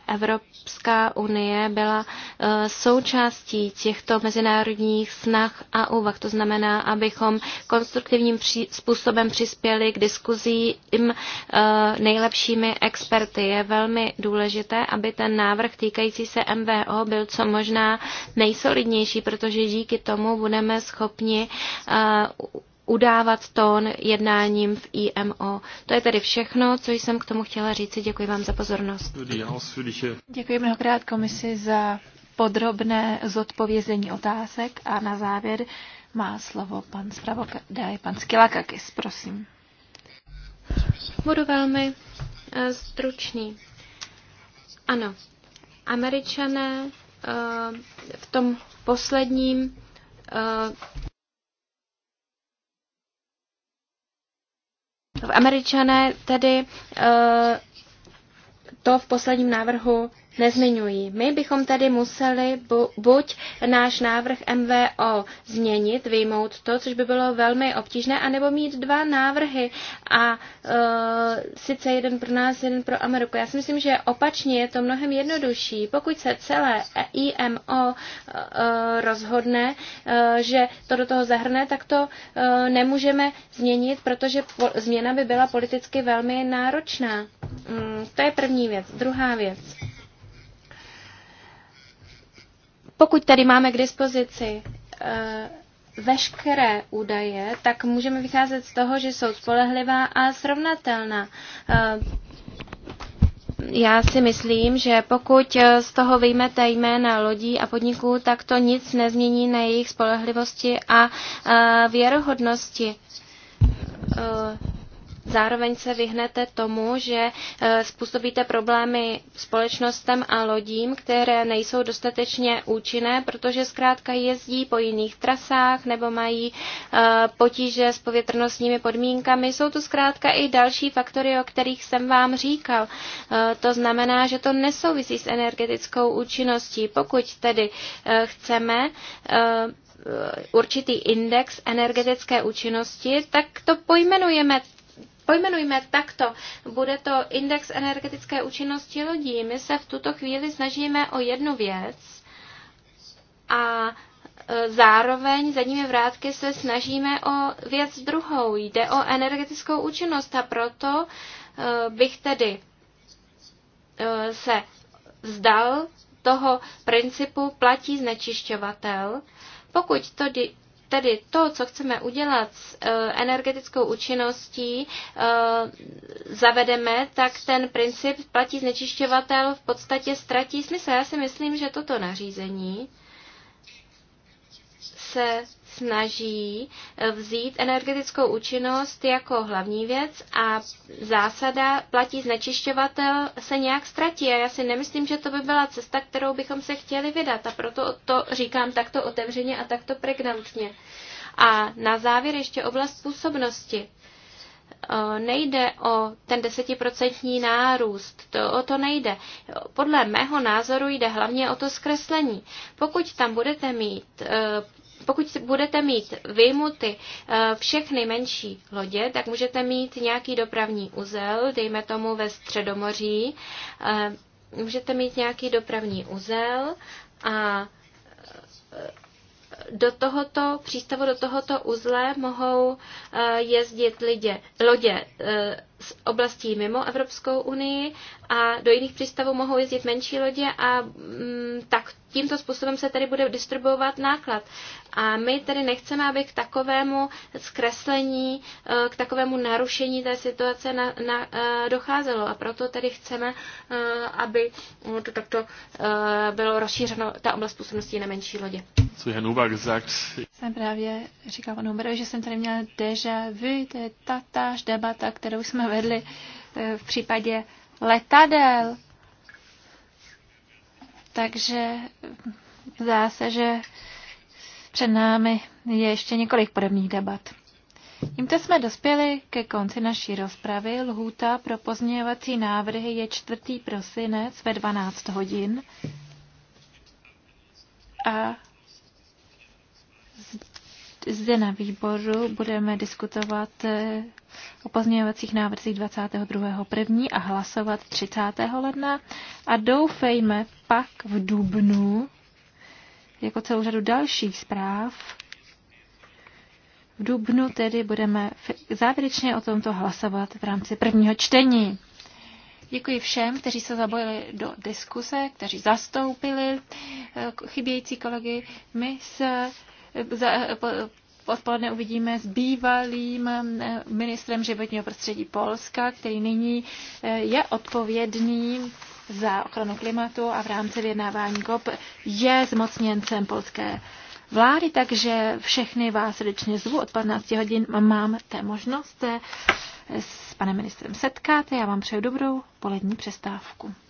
S2: Evropská unie byla eh, součástí těchto mezinárodních snah a úvah. To znamená, abychom konstruktivním způsobem přispěli k diskuzím eh, nejlepšími experty. Je velmi důležité, aby ten návrh týkající se MVO byl co možná nejsolidnější, protože díky tomu budeme schopni eh, udávat tón jednáním v IMO. To je tedy všechno, co jsem k tomu
S3: chtěla říci. Děkuji vám za pozornost. Děkuji mnohokrát komisi za podrobné zodpovězení otázek a na závěr má slovo pan zpravodaj, pan Skilakakis, prosím.
S2: Budu velmi eh, stručný. Ano, američané eh, v tom posledním eh, v Američané tedy eh, to v posledním návrhu nezmiňují. My bychom tedy museli bu- buď náš návrh MVO změnit, vyjmout to, což by bylo velmi obtížné, anebo mít dva návrhy a uh, sice jeden pro nás, jeden pro Ameriku. Já si myslím, že opačně je to mnohem jednodušší. Pokud se celé IMO uh, e, rozhodne, uh, že to do toho zahrne, tak to uh, nemůžeme změnit, protože po- změna by byla politicky velmi náročná. Mm, to je první věc. Druhá věc. Pokud tady máme k dispozici eh, veškeré údaje, tak můžeme vycházet z toho, že jsou spolehlivá a srovnatelná. Eh, já si myslím, že pokud eh, z toho vyjmete jména lodí a podniků, tak to nic nezmění na jejich spolehlivosti a věrohodnosti. Zároveň se vyhnete tomu, že eh, způsobíte problémy společnostem a lodím, které nejsou dostatečně účinné, protože zkrátka jezdí po jiných trasách nebo mají eh, potíže s povětrnostními podmínkami. Jsou to zkrátka i další faktory, o kterých jsem vám říkal. Eh, to znamená, že to nesouvisí s energetickou účinností. Pokud tedy chceme určitý index energetické účinnosti, tak to pojmenujeme pojmenujme takto. Bude to index energetické účinnosti lodí. My se v tuto chvíli snažíme o jednu věc a e, zároveň zadními vrátky se snažíme o věc druhou. Jde o energetickou účinnost a proto e, bych tedy e, se vzdal toho principu platí znečišťovatel. Pokud to Tedy to, co chceme udělat s e, energetickou účinností, e, zavedeme, tak ten princip platí znečišťovatel v podstatě ztratí smysl. Já si myslím, že toto nařízení se snaží eh, vzít energetickou účinnost jako hlavní věc a zásada platí znečišťovatel se nějak ztratí. A já si nemyslím, že to by byla cesta, kterou bychom se chtěli vydat. A proto to říkám takto otevřeně a takto pregnantně. A na závěr ještě oblast působnosti eh, nejde o ten desetiprocentní nárůst, to, o to nejde. Podle mého názoru jde hlavně o to zkreslení. Pokud tam budete mít eh, pokud budete mít vyjmuty eh, všechny menší lodě, tak můžete mít nějaký dopravní uzel, dejme tomu ve Středomoří, eh, můžete mít nějaký dopravní uzel a eh, do tohoto přístavu, do tohoto uzle mohou jezdit lidě, lodě z oblastí mimo Evropskou unii a do jiných přístavů mohou jezdit menší lodě a mm, tak tímto způsobem se tady bude distribuovat náklad. A my tedy nechceme, aby k takovému zkreslení, e, k takovému narušení té situace na, na, e, docházelo. A proto tedy chceme, e, aby mm, to takto bylo rozšířeno ta
S3: oblast působnosti na menší lodě. Co je jsem právě říkal panu Humberovi, že jsem tady měla deja vu, to je táž debata, kterou jsme vedli eh, v případě letadel. Takže eh, zdá se, že před námi je ještě několik podobných debat. Tímto jsme dospěli ke konci naší rozpravy. Lhůta pro pozměňovací návrhy je 4. prosinec ve 12 hodin. A zde na výboru budeme diskutovat eh, o pozměňovacích návrzích 22.1. a hlasovat 30. ledna a doufejme pak v dubnu, jako celou řadu dalších zpráv, v dubnu tedy budeme závěrečně o tomto hlasovat v rámci prvního čtení. Děkuji všem, kteří se zabojili do diskuse, kteří zastoupili eh, chybějící kolegy. My se odpoledne uvidíme s bývalým eh, ministrem životního prostředí Polska, který nyní eh, je odpovědný za ochranu klimatu a v rámci vyjednávání COP je zmocněncem polské vlády, takže všechny vás srdečně zvu. Od 15 hodin mám té možnost eh, s panem ministrem setkat. Já vám přeju dobrou polední přestávku.